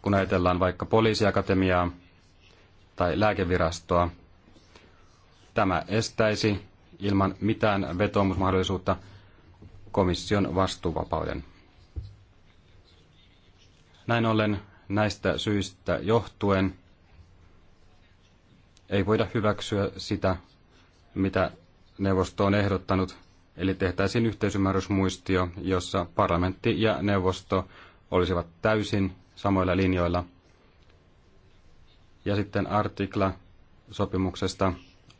Speaker 5: kun ajatellaan vaikka poliisiakatemiaa tai lääkevirastoa, tämä estäisi ilman mitään vetoomusmahdollisuutta komission vastuuvapauden. Näin ollen näistä syistä johtuen ei voida hyväksyä sitä, mitä neuvosto on ehdottanut, eli tehtäisiin yhteisymmärrysmuistio, jossa parlamentti ja neuvosto olisivat täysin samoilla linjoilla. Ja sitten artikla sopimuksesta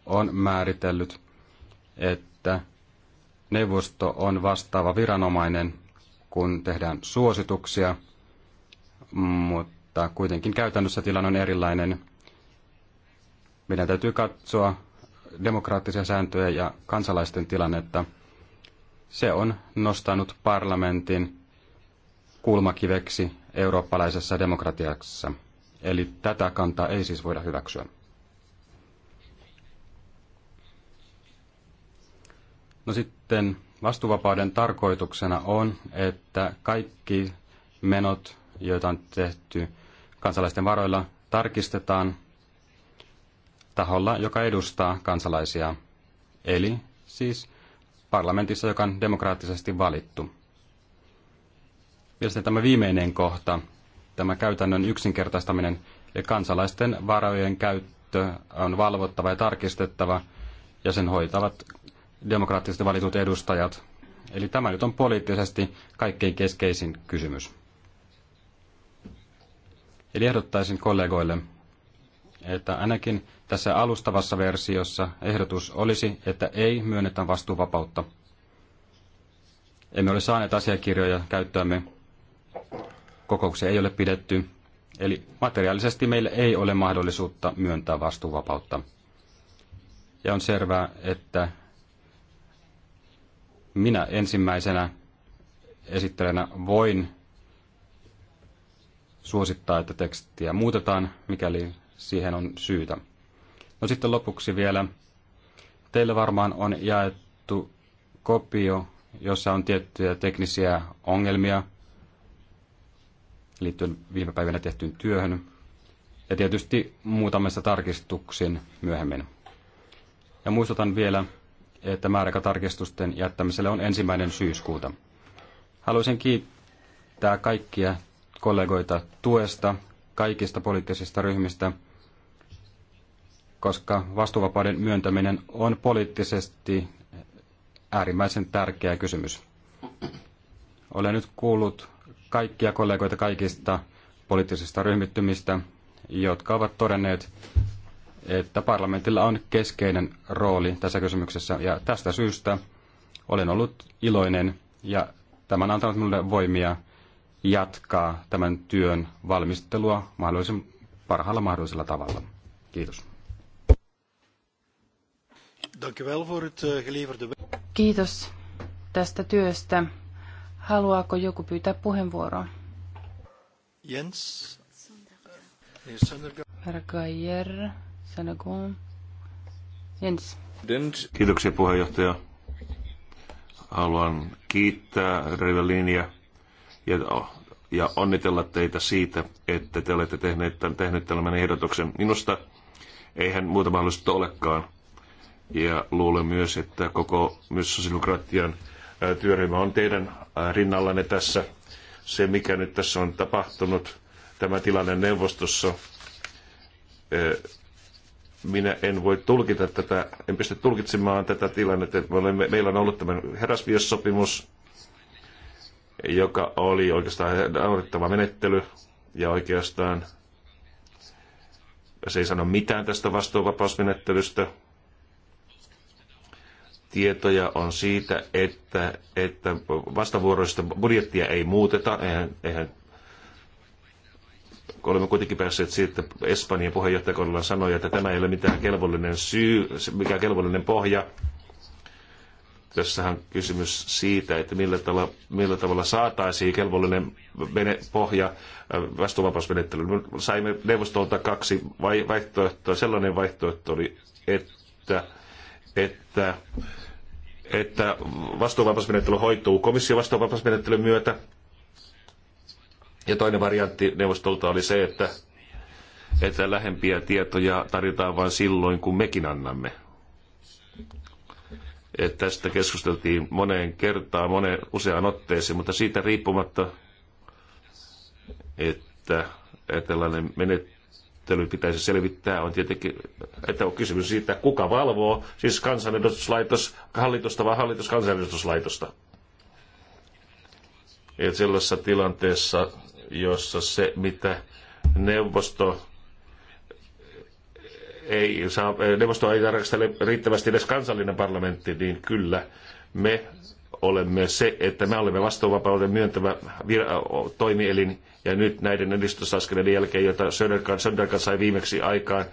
Speaker 5: on määritellyt että neuvosto on vastaava viranomainen, kun tehdään suosituksia, mutta kuitenkin käytännössä tilanne on erilainen. Meidän täytyy katsoa demokraattisia sääntöjä ja kansalaisten tilannetta. Se on nostanut parlamentin kulmakiveksi eurooppalaisessa demokratiassa. Eli tätä kantaa ei siis voida hyväksyä. No sitten vastuvapauden tarkoituksena on, että kaikki menot, joita on tehty kansalaisten varoilla, tarkistetaan taholla, joka edustaa kansalaisia, eli siis parlamentissa, joka on demokraattisesti valittu. sitten tämä viimeinen kohta, tämä käytännön yksinkertaistaminen, eli kansalaisten varojen käyttö on valvottava ja tarkistettava, ja sen hoitavat demokraattisesti valitut edustajat. Eli tämä nyt on poliittisesti kaikkein keskeisin kysymys. Eli ehdottaisin kollegoille, että ainakin tässä alustavassa versiossa ehdotus olisi, että ei myönnetä vastuuvapautta. Emme ole saaneet asiakirjoja käyttöömme. Kokouksia ei ole pidetty. Eli materiaalisesti meillä ei ole mahdollisuutta myöntää vastuuvapautta. Ja on selvää, että minä ensimmäisenä esittelenä voin suosittaa, että tekstiä muutetaan, mikäli siihen on syytä. No sitten lopuksi vielä. Teille varmaan on jaettu kopio, jossa on tiettyjä teknisiä ongelmia liittyen viime päivänä tehtyyn työhön. Ja tietysti muutamista tarkistuksin myöhemmin. Ja muistutan vielä, että määräaikatarkistusten jättämiselle on ensimmäinen syyskuuta. Haluaisin kiittää kaikkia kollegoita tuesta kaikista poliittisista ryhmistä, koska vastuuvapauden myöntäminen on poliittisesti äärimmäisen tärkeä kysymys. Olen nyt kuullut kaikkia kollegoita kaikista poliittisista ryhmittymistä, jotka ovat todenneet, että parlamentilla on keskeinen rooli tässä kysymyksessä. Ja tästä syystä olen ollut iloinen ja tämän on antanut minulle voimia jatkaa tämän työn valmistelua mahdollisen parhaalla mahdollisella tavalla. Kiitos. Eh,
Speaker 1: Kiitos tästä työstä. Haluaako joku pyytää puheenvuoroa?
Speaker 3: Jens.
Speaker 1: Herra Gajer. Sanokoon. Jens.
Speaker 4: Kiitoksia puheenjohtaja. Haluan kiittää Rivelinia ja, ja onnitella teitä siitä, että te olette tehneet, tehneet tällaisen ehdotuksen. Minusta eihän muuta mahdollisuutta olekaan. Ja luulen myös, että koko myös sosiaalidemokratian työryhmä on teidän rinnallanne tässä. Se, mikä nyt tässä on tapahtunut, tämä tilanne neuvostossa, minä en voi tulkita tätä, en pysty tulkitsemaan tätä tilannetta. Me olemme, meillä on ollut tämä herrasviossopimus, joka oli oikeastaan naurittava menettely ja oikeastaan se ei sano mitään tästä vastuuvapausmenettelystä. Tietoja on siitä, että, että vastavuoroista budjettia ei muuteta, eihän, eihän olemme kuitenkin päässeet siitä, että Espanjan puheenjohtajakaudella sanoi, että tämä ei ole mitään kelvollinen syy, mikä kelvollinen pohja. Tässähän on kysymys siitä, että millä tavalla, millä tavalla saataisiin kelvollinen vene, pohja äh, vastuuvapausmenettelyyn. Saimme neuvostolta kaksi vai, vaihtoehtoa. Sellainen vaihtoehto oli, että, että että vastuuvapausmenettely hoituu komission vastuuvapausmenettelyn myötä, ja toinen variantti neuvostolta oli se, että, että lähempiä tietoja tarjotaan vain silloin, kun mekin annamme. Että tästä keskusteltiin moneen kertaan, moneen useaan otteeseen, mutta siitä riippumatta, että, että tällainen menettely pitäisi selvittää, on tietenkin, että on kysymys siitä, kuka valvoo, siis kansanedustuslaitos, hallitusta vai hallitus kansanedustuslaitosta. Että sellaisessa tilanteessa jossa se, mitä neuvosto ei saa, neuvosto ei tarkastele riittävästi edes kansallinen parlamentti, niin kyllä me olemme se, että me olemme vastuuvapauden myöntävä toimielin, ja nyt näiden edistysaskeleiden jälkeen, jota Söderkan, Söderkan sai viimeksi aikaan,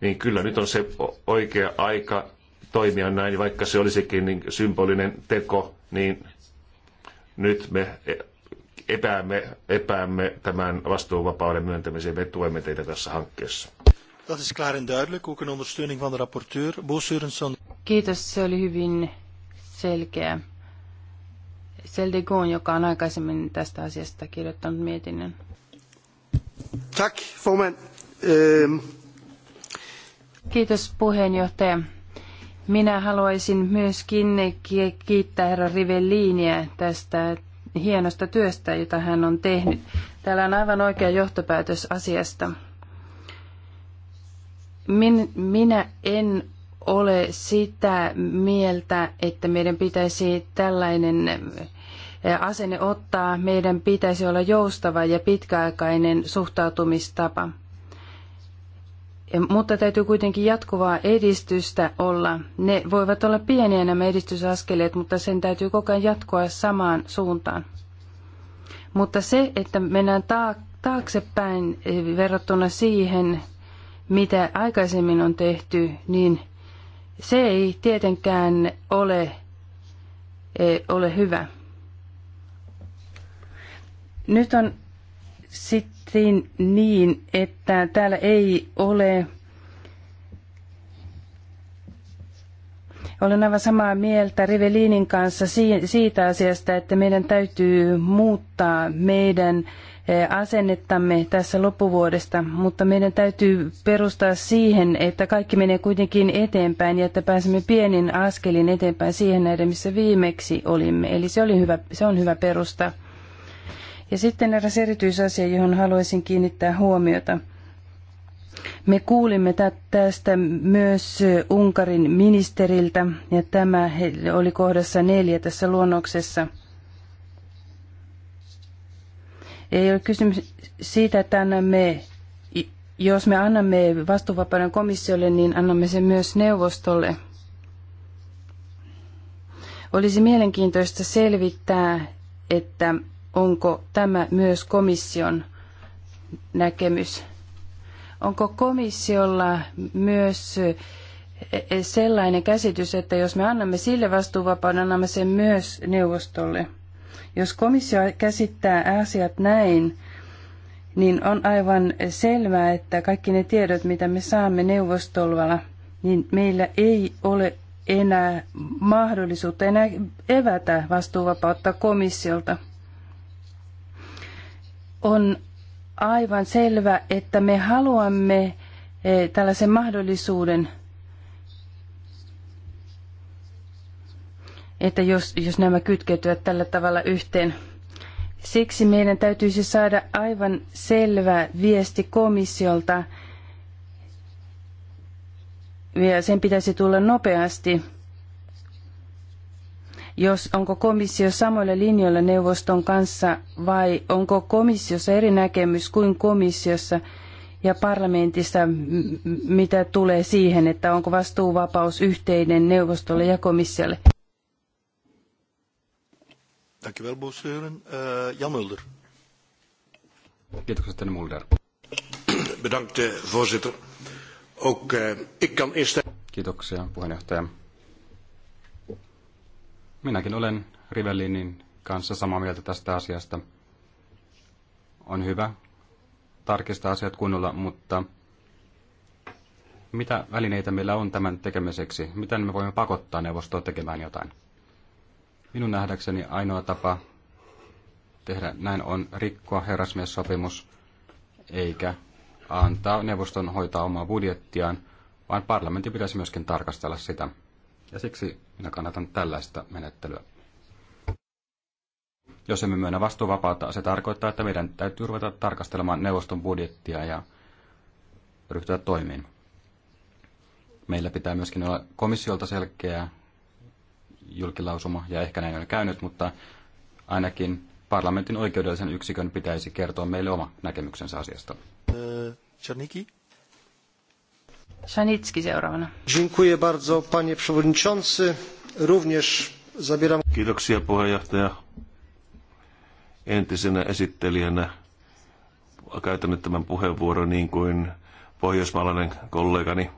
Speaker 4: niin kyllä nyt on se oikea aika toimia näin, vaikka se olisikin niin symbolinen teko, niin nyt me epäämme, epäämme tämän vastuuvapauden myöntämisen. Me tuemme teitä tässä hankkeessa.
Speaker 3: Dat is klaar en duidelijk. Ook een ondersteuning van de rapporteur, Bo Sørensson.
Speaker 1: Kiitos, se oli hyvin selkeä. Seldegon, joka on aikaisemmin tästä asiasta kirjoittanut mietinnön.
Speaker 3: Tack, formen.
Speaker 1: Kiitos puheenjohtaja. Minä haluaisin myöskin kiittää herra Rivelliniä tästä hienosta työstä, jota hän on tehnyt. Täällä on aivan oikea johtopäätös asiasta. Min, minä en ole sitä mieltä, että meidän pitäisi tällainen eh, asenne ottaa. Meidän pitäisi olla joustava ja pitkäaikainen suhtautumistapa mutta täytyy kuitenkin jatkuvaa edistystä olla. Ne voivat olla pieniä nämä edistysaskeleet, mutta sen täytyy koko ajan jatkoa samaan suuntaan. Mutta se, että mennään taaksepäin eh, verrattuna siihen, mitä aikaisemmin on tehty, niin se ei tietenkään ole, eh, ole hyvä. Nyt on sitten niin, että täällä ei ole Olen aivan samaa mieltä Rivelinin kanssa siitä asiasta, että meidän täytyy muuttaa meidän eh, asennettamme tässä loppuvuodesta, mutta meidän täytyy perustaa siihen, että kaikki menee kuitenkin eteenpäin ja että pääsemme pienin askelin eteenpäin siihen näiden, missä viimeksi olimme. Eli se, oli hyvä, se on hyvä perusta. Ja sitten eräs erityisasia, johon haluaisin kiinnittää huomiota. Me kuulimme tästä myös Unkarin ministeriltä, ja tämä oli kohdassa neljä tässä luonnoksessa. Ei ole kysymys siitä, että annamme, jos me annamme vastuuvapauden komissiolle, niin annamme sen myös neuvostolle. Olisi mielenkiintoista selvittää, että onko tämä myös komission näkemys. Onko komissiolla myös eh, sellainen käsitys, että jos me annamme sille vastuuvapauden, annamme sen myös neuvostolle. Jos komissio käsittää asiat näin, niin on aivan selvää, että kaikki ne tiedot, mitä me saamme neuvostolvalla, niin meillä ei ole enää mahdollisuutta enää evätä vastuuvapautta komissiolta. On aivan selvä, että me haluamme eh, tällaisen mahdollisuuden, että jos, jos nämä kytkeytyvät tällä tavalla yhteen. Siksi meidän täytyisi saada aivan selvä viesti komissiolta, ja sen pitäisi tulla nopeasti jos onko komissio samoilla linjoilla neuvoston kanssa vai onko komissiossa eri näkemys kuin komissiossa ja parlamentissa, mitä tulee siihen, että onko vastuuvapaus yhteinen neuvostolle ja komissiolle.
Speaker 3: Dankjewel, Bosseuren. Uh, Jan Mulder.
Speaker 5: Kiitokset, Jan Mulder. Bedankt, eh, voorzitter. Ook uh, ik kan eerst... Kiitoksia, puheenjohtaja. Minäkin olen Rivellinin kanssa samaa mieltä tästä asiasta. On hyvä tarkistaa asiat kunnolla, mutta mitä välineitä meillä on tämän tekemiseksi? Miten me voimme pakottaa neuvostoa tekemään jotain? Minun nähdäkseni ainoa tapa tehdä näin on rikkoa herrasmiessopimus, eikä antaa neuvoston hoitaa omaa budjettiaan, vaan parlamentti pitäisi myöskin tarkastella sitä. Ja siksi minä kannatan tällaista menettelyä. Jos emme myönnä vastuuvapautta, se tarkoittaa, että meidän täytyy ruveta tarkastelemaan neuvoston budjettia ja ryhtyä toimiin. Meillä pitää myöskin olla komissiolta selkeä julkilausuma, ja ehkä näin on käynyt, mutta ainakin parlamentin oikeudellisen yksikön pitäisi kertoa meille oma näkemyksensä asiasta.
Speaker 3: Uh,
Speaker 1: Szanicki seuraavana. Dziękuję
Speaker 3: bardzo, panie przewodniczący.
Speaker 1: Również zabieram...
Speaker 4: Kiitoksia puheenjohtaja. Entisenä esittelijänä käytän nyt tämän puheenvuoron niin kuin pohjoismaalainen kollegani.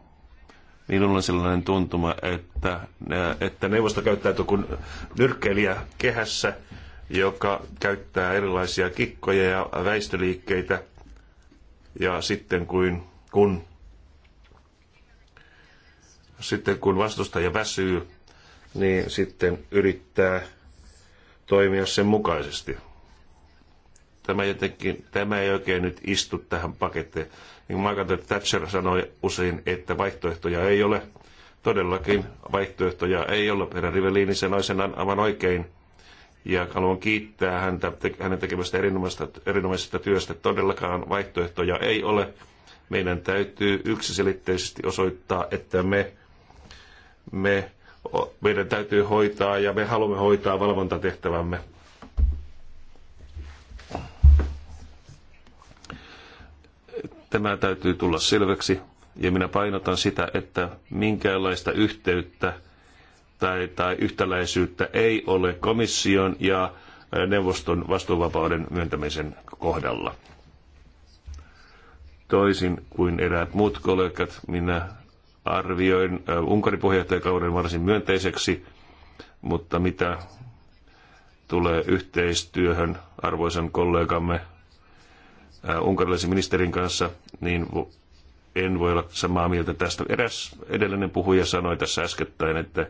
Speaker 4: Minulla on sellainen tuntuma, että, että neuvosto käyttää kuin nyrkkeilijä kehässä, joka käyttää erilaisia kikkoja ja väistöliikkeitä. Ja sitten kuin, kun sitten kun vastustaja väsyy, niin sitten yrittää toimia sen mukaisesti. Tämä, jotenkin, tämä ei oikein nyt istu tähän pakettiin. Niin kuin Margaret Thatcher sanoi usein, että vaihtoehtoja ei ole. Todellakin vaihtoehtoja ei ole. Herra Riveliini sanoi sen aivan oikein. Ja haluan kiittää häntä, hänen tekemästä erinomaisesta, erinomaisesta työstä. Todellakaan vaihtoehtoja ei ole. Meidän täytyy yksiselitteisesti osoittaa, että me me, meidän täytyy hoitaa ja me haluamme hoitaa valvontatehtävämme. Tämä täytyy tulla selväksi ja minä painotan sitä, että minkäänlaista yhteyttä tai, tai yhtäläisyyttä ei ole komission ja neuvoston vastuuvapauden myöntämisen kohdalla. Toisin kuin eräät muut kollegat, minä arvioin Unkarin puheenjohtajakauden varsin myönteiseksi, mutta mitä tulee yhteistyöhön arvoisan kollegamme unkarilaisen ministerin kanssa, niin en voi olla samaa mieltä tästä. Eräs edellinen puhuja sanoi tässä äskettäin, että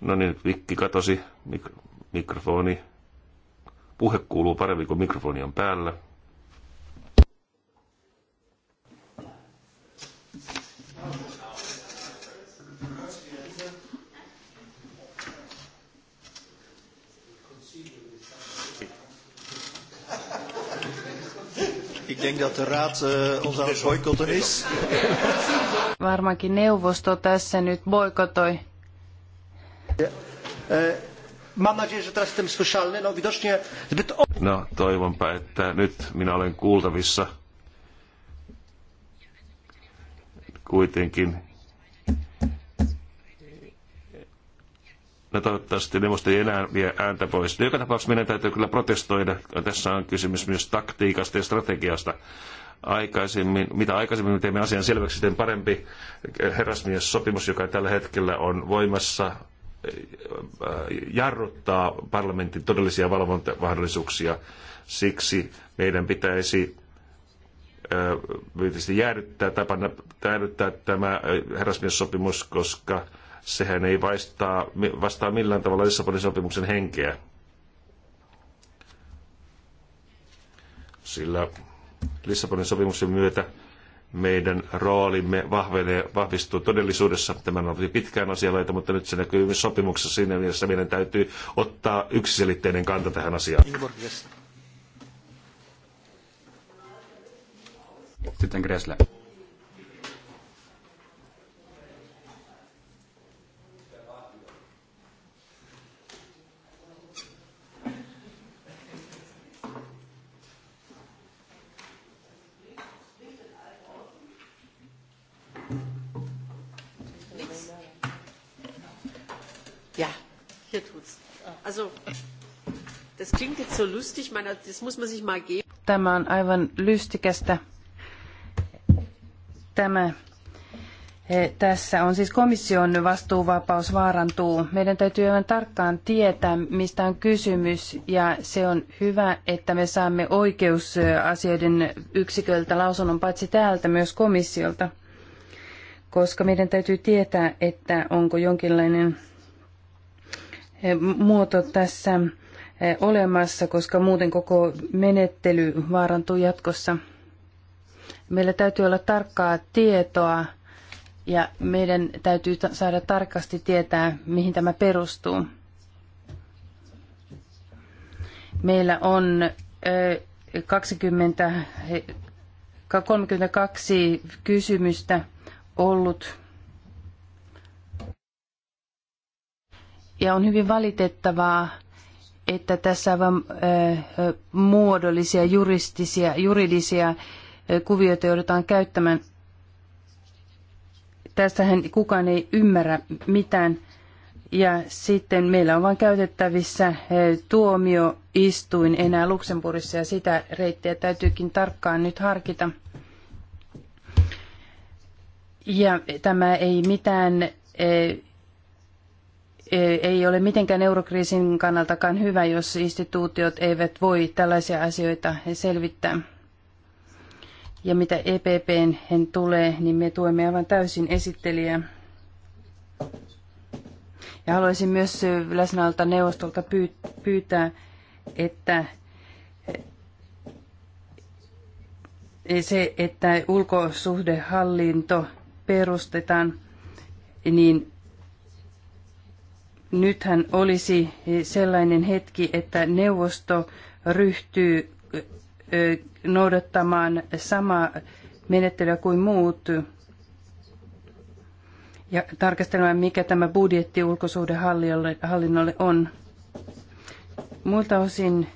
Speaker 4: no niin, vikki katosi, mikrofoni, puhe kuuluu paremmin, kun mikrofoni on päällä.
Speaker 3: denk dat de raad uh, ons aan het boycotten is.
Speaker 1: Varmaankin neuvosto tässä nyt boikotoi.
Speaker 3: Eh,
Speaker 4: no, no toivonpa, että nyt minä olen kuultavissa. Kuitenkin No toivottavasti neuvosto ei enää vie ääntä pois. No, joka tapauksessa meidän täytyy kyllä protestoida. Tässä on kysymys myös taktiikasta ja strategiasta. Aikaisemmin, mitä aikaisemmin me teemme asian selväksi, sitten parempi herrasmies-sopimus, joka tällä hetkellä on voimassa, eh, jarruttaa parlamentin todellisia valvontamahdollisuuksia. Siksi meidän pitäisi eh, tietysti jäädyttää, tapana, jäädyttää tämä eh, herrasmies-sopimus, koska Sehän ei vastaa, vastaa millään tavalla Lissabonin sopimuksen henkeä. Sillä Lissabonin sopimuksen myötä meidän roolimme vahvenee, vahvistuu todellisuudessa. Tämä on pitkään asialaita, mutta nyt se näkyy myös sopimuksessa siinä mielessä meidän täytyy ottaa yksiselitteinen kanta tähän asiaan. Sitten Gressle.
Speaker 6: Also, das klingt jetzt so lustig, meine, das muss man sich mal
Speaker 1: geben. Tämä on aivan lystikästä. Tämä eh, tässä on siis komission vastuuvapaus vaarantuu. Meidän täytyy aivan tarkkaan tietää, mistä on kysymys, ja se on hyvä, että me saamme oikeusasioiden yksiköltä lausunnon paitsi täältä myös komissiolta, koska meidän täytyy tietää, että onko jonkinlainen muoto tässä e, olemassa, koska muuten koko menettely vaarantuu jatkossa. Meillä täytyy olla tarkkaa tietoa ja meidän täytyy saada tarkasti tietää, mihin tämä perustuu. Meillä on 20, e, 32 kysymystä ollut Ja on hyvin valitettavaa, että tässä vain eh, muodollisia, juristisia, juridisia eh, kuvioita joudutaan käyttämään. Tästähän kukaan ei ymmärrä mitään. Ja sitten meillä on vain käytettävissä eh, tuomioistuin enää Luxemburgissa ja sitä reittiä täytyykin tarkkaan nyt harkita. Ja tämä ei mitään ei ole mitenkään eurokriisin kannaltakaan hyvä, jos instituutiot eivät voi tällaisia asioita selvittää. Ja mitä EPPn tulee, niin me tuemme aivan täysin esittelijää. Ja haluaisin myös läsnäolta neuvostolta pyytää, että se, että ulkosuhdehallinto perustetaan, niin nythän olisi sellainen hetki, että neuvosto ryhtyy noudattamaan samaa menettelyä kuin muut ja tarkastelemaan, mikä tämä budjetti ulkosuhdehallinnolle on. Muilta osin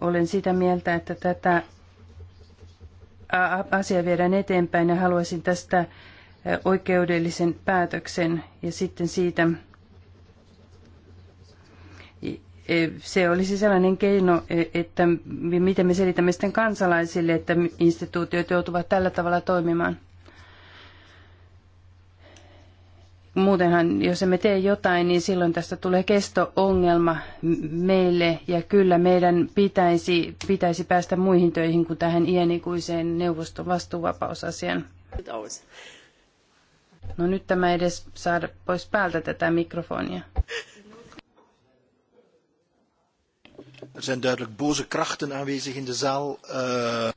Speaker 1: olen sitä mieltä, että tätä asiaa viedään eteenpäin ja haluaisin tästä oikeudellisen päätöksen ja sitten siitä E, se olisi sellainen keino, e, että miten me selitämme sitten kansalaisille, että instituutiot joutuvat tällä tavalla toimimaan. Muutenhan, jos emme tee jotain, niin silloin tästä tulee kesto-ongelma meille, ja kyllä meidän pitäisi, pitäisi päästä muihin töihin kuin tähän iänikuiseen neuvoston vastuuvapausasian. No nyt tämä edes saada pois päältä tätä mikrofonia.
Speaker 3: Er zijn duidelijk boze krachten aanwezig in de zaal. Eh.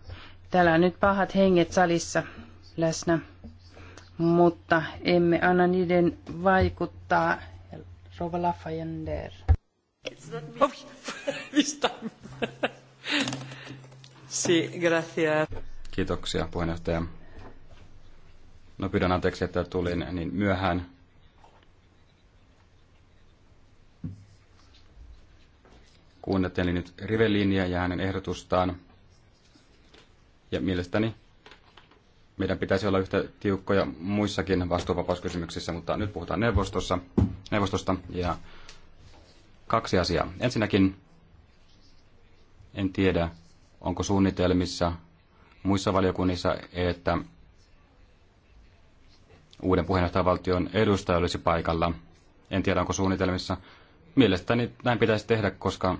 Speaker 1: Täällä on nyt pahat henget salissa läsnä, mutta emme anna niiden vaikuttaa. Rova Lafayender. Oh, si, gracias.
Speaker 5: Kiitoksia puheenjohtaja. No pyydän anteeksi, että tulin niin myöhään Kuunneltiin nyt Rivelinia ja hänen ehdotustaan. Ja mielestäni meidän pitäisi olla yhtä tiukkoja muissakin vastuuvapauskysymyksissä, mutta nyt puhutaan neuvostossa, neuvostosta ja kaksi asiaa. Ensinnäkin en tiedä, onko suunnitelmissa muissa valiokunnissa, että uuden puheenjohtajavaltion edustaja olisi paikalla. En tiedä, onko suunnitelmissa. Mielestäni näin pitäisi tehdä, koska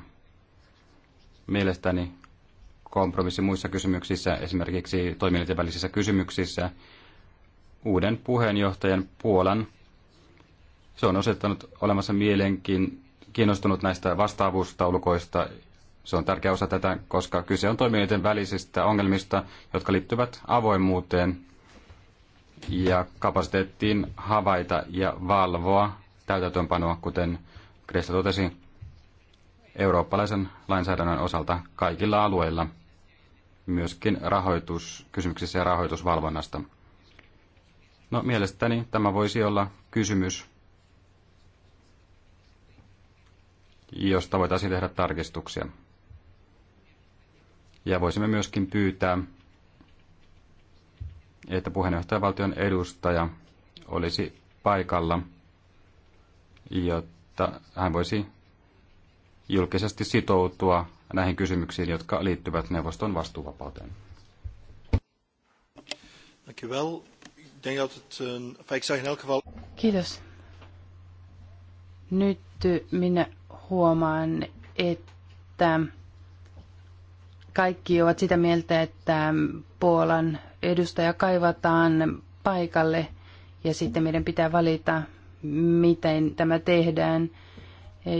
Speaker 5: mielestäni kompromissi muissa kysymyksissä, esimerkiksi toimielinten välisissä kysymyksissä, uuden puheenjohtajan Puolan. Se on osoittanut olemassa mielenkiin kiinnostunut näistä vastaavuustaulukoista. Se on tärkeä osa tätä, koska kyse on toimijoiden välisistä ongelmista, jotka liittyvät avoimuuteen ja kapasiteettiin havaita ja valvoa täytäntöönpanoa, kuten Krista totesi eurooppalaisen lainsäädännön osalta kaikilla alueilla, myöskin rahoituskysymyksissä ja rahoitusvalvonnasta. No mielestäni tämä voisi olla kysymys, josta voitaisiin tehdä tarkistuksia. Ja voisimme myöskin pyytää, että puheenjohtajavaltion edustaja olisi paikalla, jotta hän voisi julkisesti sitoutua näihin kysymyksiin, jotka liittyvät neuvoston vastuuvapauteen.
Speaker 1: Kiitos. Nyt minä huomaan, että kaikki ovat sitä mieltä, että Puolan edustaja kaivataan paikalle ja sitten meidän pitää valita, miten tämä tehdään.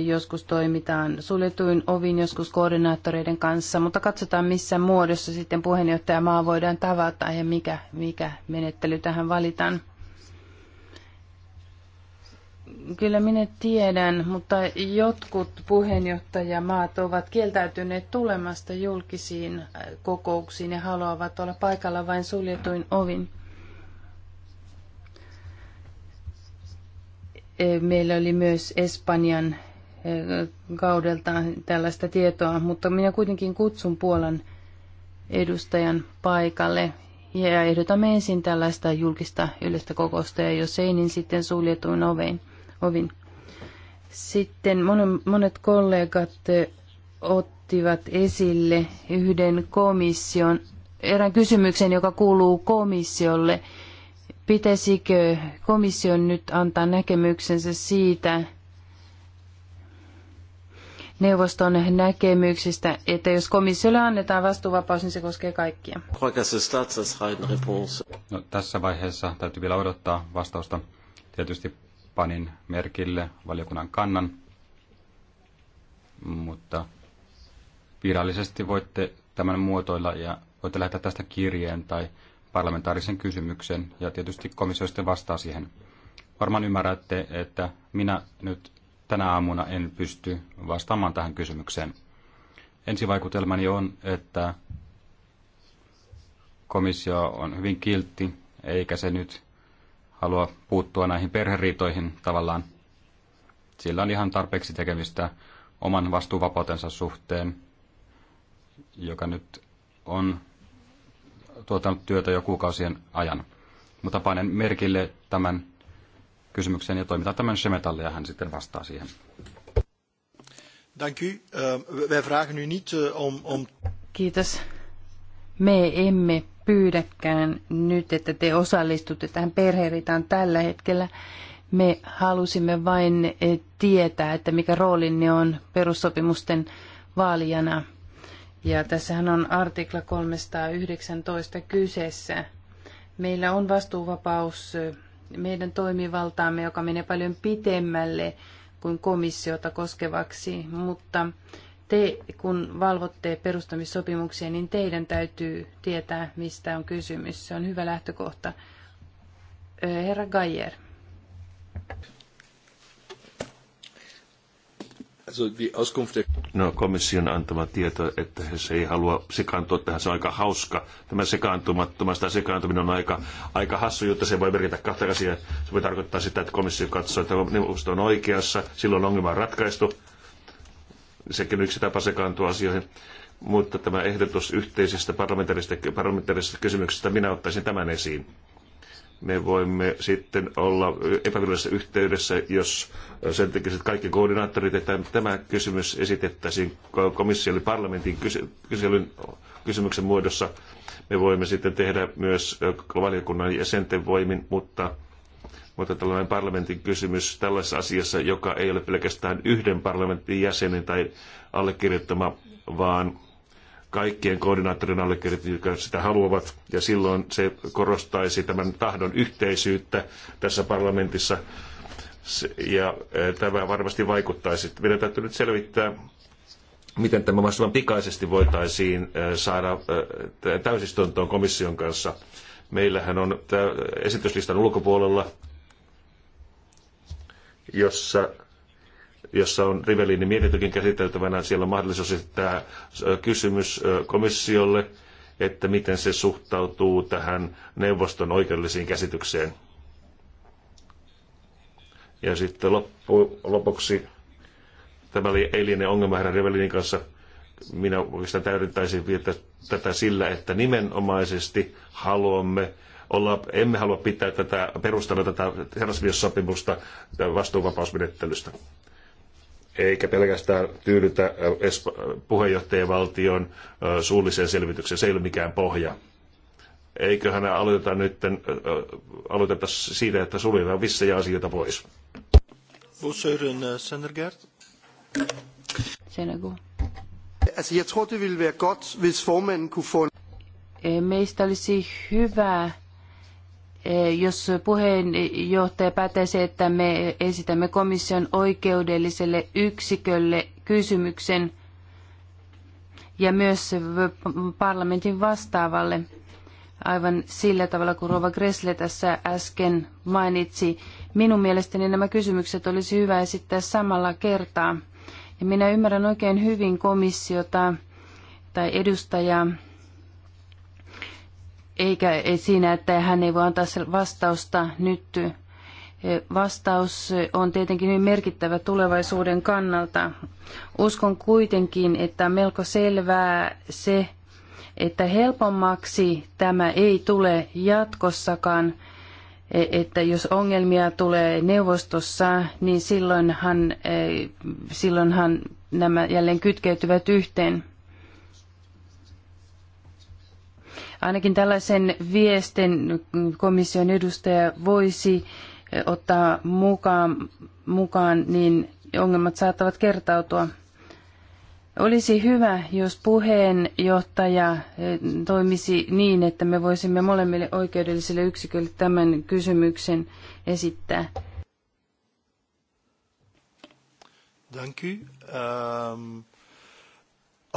Speaker 1: Joskus toimitaan suljetuin ovin, joskus koordinaattoreiden kanssa, mutta katsotaan missä muodossa sitten puheenjohtajamaa voidaan tavata ja mikä, mikä menettely tähän valitaan. Kyllä minä tiedän, mutta jotkut puheenjohtajamaat ovat kieltäytyneet tulemasta julkisiin äh, kokouksiin ja haluavat olla paikalla vain suljetuin ovin. E, meillä oli myös Espanjan kaudelta tällaista tietoa, mutta minä kuitenkin kutsun Puolan edustajan paikalle ja ehdotamme ensin tällaista julkista yleistä kokousta ja jos ei, niin sitten suljetuin ovein, ovin. Sitten monet kollegat ottivat esille yhden komission, erään kysymyksen, joka kuuluu komissiolle. Pitäisikö komission nyt antaa näkemyksensä siitä, neuvoston näkemyksistä, että jos komissiolle annetaan vastuuvapaus, niin se koskee kaikkia.
Speaker 6: No,
Speaker 5: tässä vaiheessa täytyy vielä odottaa vastausta. Tietysti panin merkille valiokunnan kannan, mutta virallisesti voitte tämän muotoilla ja voitte lähettää tästä kirjeen tai parlamentaarisen kysymyksen ja tietysti komissio sitten vastaa siihen. Varmaan ymmärrätte, että minä nyt tänä aamuna en pysty vastaamaan tähän kysymykseen. Ensivaikutelmani on, että komissio on hyvin kiltti, eikä se nyt halua puuttua näihin perheriitoihin tavallaan. Sillä on ihan tarpeeksi tekemistä oman vastuuvapautensa suhteen, joka nyt on tuottanut työtä jo kuukausien ajan. Mutta panen merkille tämän kysymykseen ja toimitaan tämän Shemetalle ja hän sitten vastaa siihen.
Speaker 3: Dank u. Eh, wij vragen u niet eh, om, om...
Speaker 1: Kiitos. Me emme pyydäkään nyt, että te osallistutte tähän perheritaan tällä hetkellä. Me halusimme vain eh, tietää, että mikä roolinne on perussopimusten vaalijana. Ja tässähän on artikla 319 kyseessä. Meillä on vastuuvapaus meidän toimivaltaamme, joka menee paljon pitemmälle kuin komissiota koskevaksi, mutta te kun valvotte perustamissopimuksia, niin teidän täytyy tietää, mistä on kysymys. Se on hyvä lähtökohta. Herra Gajer.
Speaker 4: No komission antama tieto, että se ei halua sekaantua tähän, se on aika hauska. Tämä sekaantumattomuus tai sekaantuminen on aika, aika hassu juttu, se voi merkitä kahta asiaa. Se voi tarkoittaa sitä, että komissio katsoo, että neuvosto on oikeassa, silloin ongelma on ratkaistu. Sekin on yksi tapa sekaantua asioihin. Mutta tämä ehdotus yhteisestä parlamentaarisesta kysymyksestä, minä ottaisin tämän esiin me voimme sitten olla epävirallisessa yhteydessä, jos sen tekisit kaikki koordinaattorit, että tämä kysymys esitettäisiin komissiolle parlamentin kyselyn, kysymyksen muodossa. Me voimme sitten tehdä myös valiokunnan jäsenten voimin, mutta, mutta tällainen parlamentin kysymys tällaisessa asiassa, joka ei ole pelkästään yhden parlamentin jäsenen tai allekirjoittama, vaan kaikkien koordinaattorin allekirjoitin, jotka sitä haluavat. Ja silloin se korostaisi tämän tahdon yhteisyyttä tässä parlamentissa. Ja eh, tämä varmasti vaikuttaisi. Meidän täytyy nyt selvittää, miten tämä mahdollisimman pikaisesti voitaisiin eh, saada eh, täysistuntoon komission kanssa. Meillähän on esityslistan ulkopuolella, jossa jossa on rivellinen mietintökin käsiteltävänä. Siellä on mahdollisuus esittää kysymys komissiolle, että miten se suhtautuu tähän neuvoston oikeudellisiin käsitykseen. Ja sitten loppu, lopuksi tämä oli eilinen ongelma herra Revelinin kanssa. Minä oikeastaan täydentäisin vielä tätä sillä, että nimenomaisesti haluamme olla, emme halua pitää tätä perustana tätä herrasmiessopimusta vastuuvapausmenettelystä eikä pelkästään tyydytä puheenjohtajavaltion suulliseen selvitykseen. Se ei ole mikään pohja. Eiköhän aloiteta nyt, aloiteta siitä, että suljetaan vissejä asioita pois.
Speaker 3: Ordføreren Sandergaard. Senegal. Altså, jeg tror, det ville være godt, hvis formanden kunne få...
Speaker 1: Meistä olisi hyvä, Eh, jos puheenjohtaja se, että me esitämme komission oikeudelliselle yksikölle kysymyksen ja myös parlamentin vastaavalle aivan sillä tavalla kuin Rova Gressle tässä äsken mainitsi. Minun mielestäni nämä kysymykset olisi hyvä esittää samalla kertaa. Ja minä ymmärrän oikein hyvin komissiota tai edustajaa eikä siinä, että hän ei voi antaa vastausta nyt. Eh, vastaus on tietenkin hyvin merkittävä tulevaisuuden kannalta. Uskon kuitenkin, että on melko selvää se, että helpommaksi tämä ei tule jatkossakaan, eh, että jos ongelmia tulee neuvostossa, niin silloinhan, eh, silloinhan nämä jälleen kytkeytyvät yhteen. Ainakin tällaisen viestin komission edustaja voisi eh, ottaa mukaan, mukaan niin ongelmat saattavat kertautua. Olisi hyvä, jos puheenjohtaja eh, toimisi niin, että me voisimme molemmille oikeudellisille yksiköille tämän kysymyksen esittää.
Speaker 3: Um...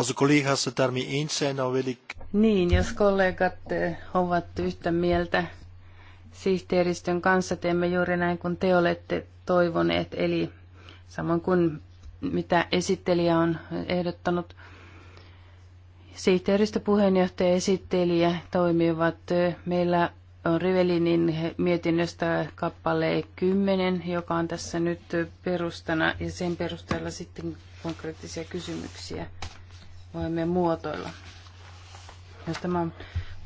Speaker 3: Als de collega's het daarmee eens zijn, dan wil ik...
Speaker 1: Niin, jos kollegat eh, ovat yhtä mieltä sihteeristön kanssa, teemme juuri näin kuin te olette toivoneet, eli samoin kuin mitä esittelijä on ehdottanut. Sihteeristö, puheenjohtaja, esittelijä toimivat. Eh, meillä on Rivelinin mietinnöstä kappale 10, joka on tässä nyt perustana, ja sen perusteella sitten konkreettisia kysymyksiä voimme muotoilla. Jos tämä on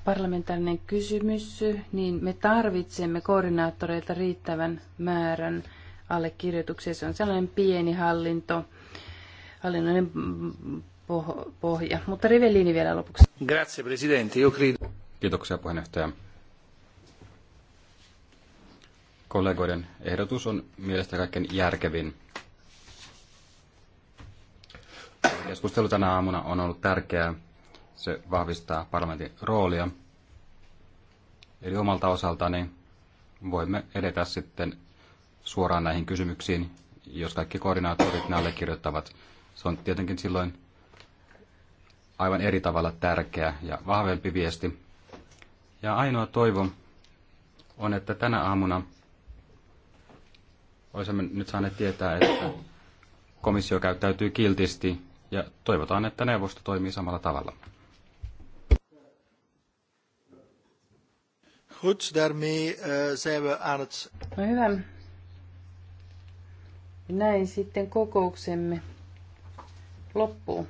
Speaker 1: parlamentaarinen kysymys, niin me tarvitsemme koordinaattoreilta riittävän määrän allekirjoituksia. Se on sellainen pieni hallinto, hallinnollinen pohja. Mutta Rivellini vielä lopuksi.
Speaker 5: Grazie, presidente. Io credo... Kiitoksia, puheenjohtaja. Kollegoiden ehdotus on mielestäni kaikkein järkevin Keskustelu tänä aamuna on ollut tärkeää. Se vahvistaa parlamentin roolia. Eli omalta osaltani voimme edetä sitten suoraan näihin kysymyksiin, jos kaikki koordinaattorit ne allekirjoittavat. Se on tietenkin silloin aivan eri tavalla tärkeä ja vahvempi viesti. Ja ainoa toivo on, että tänä aamuna olisimme nyt saaneet tietää, että komissio käyttäytyy kiltisti ja toivotaan, että neuvosto toimii samalla tavalla.
Speaker 3: Goed, daarmee eh, zijn we aan het...
Speaker 1: No hyvä. Näin sitten kokouksemme loppuu.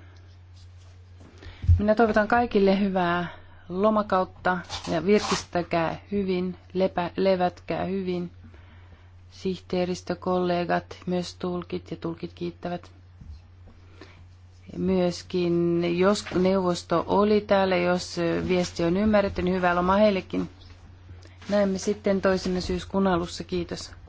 Speaker 1: Minä toivotan kaikille hyvää lomakautta ja virkistäkää hyvin, lepä, levätkää hyvin. Sihteeristö, kollegat, myös tulkit ja tulkit kiittävät myöskin, jos neuvosto oli täällä, jos viesti on ymmärretty, niin hyvää lomaa heillekin. Näemme sitten toisena syyskuun alussa. Kiitos.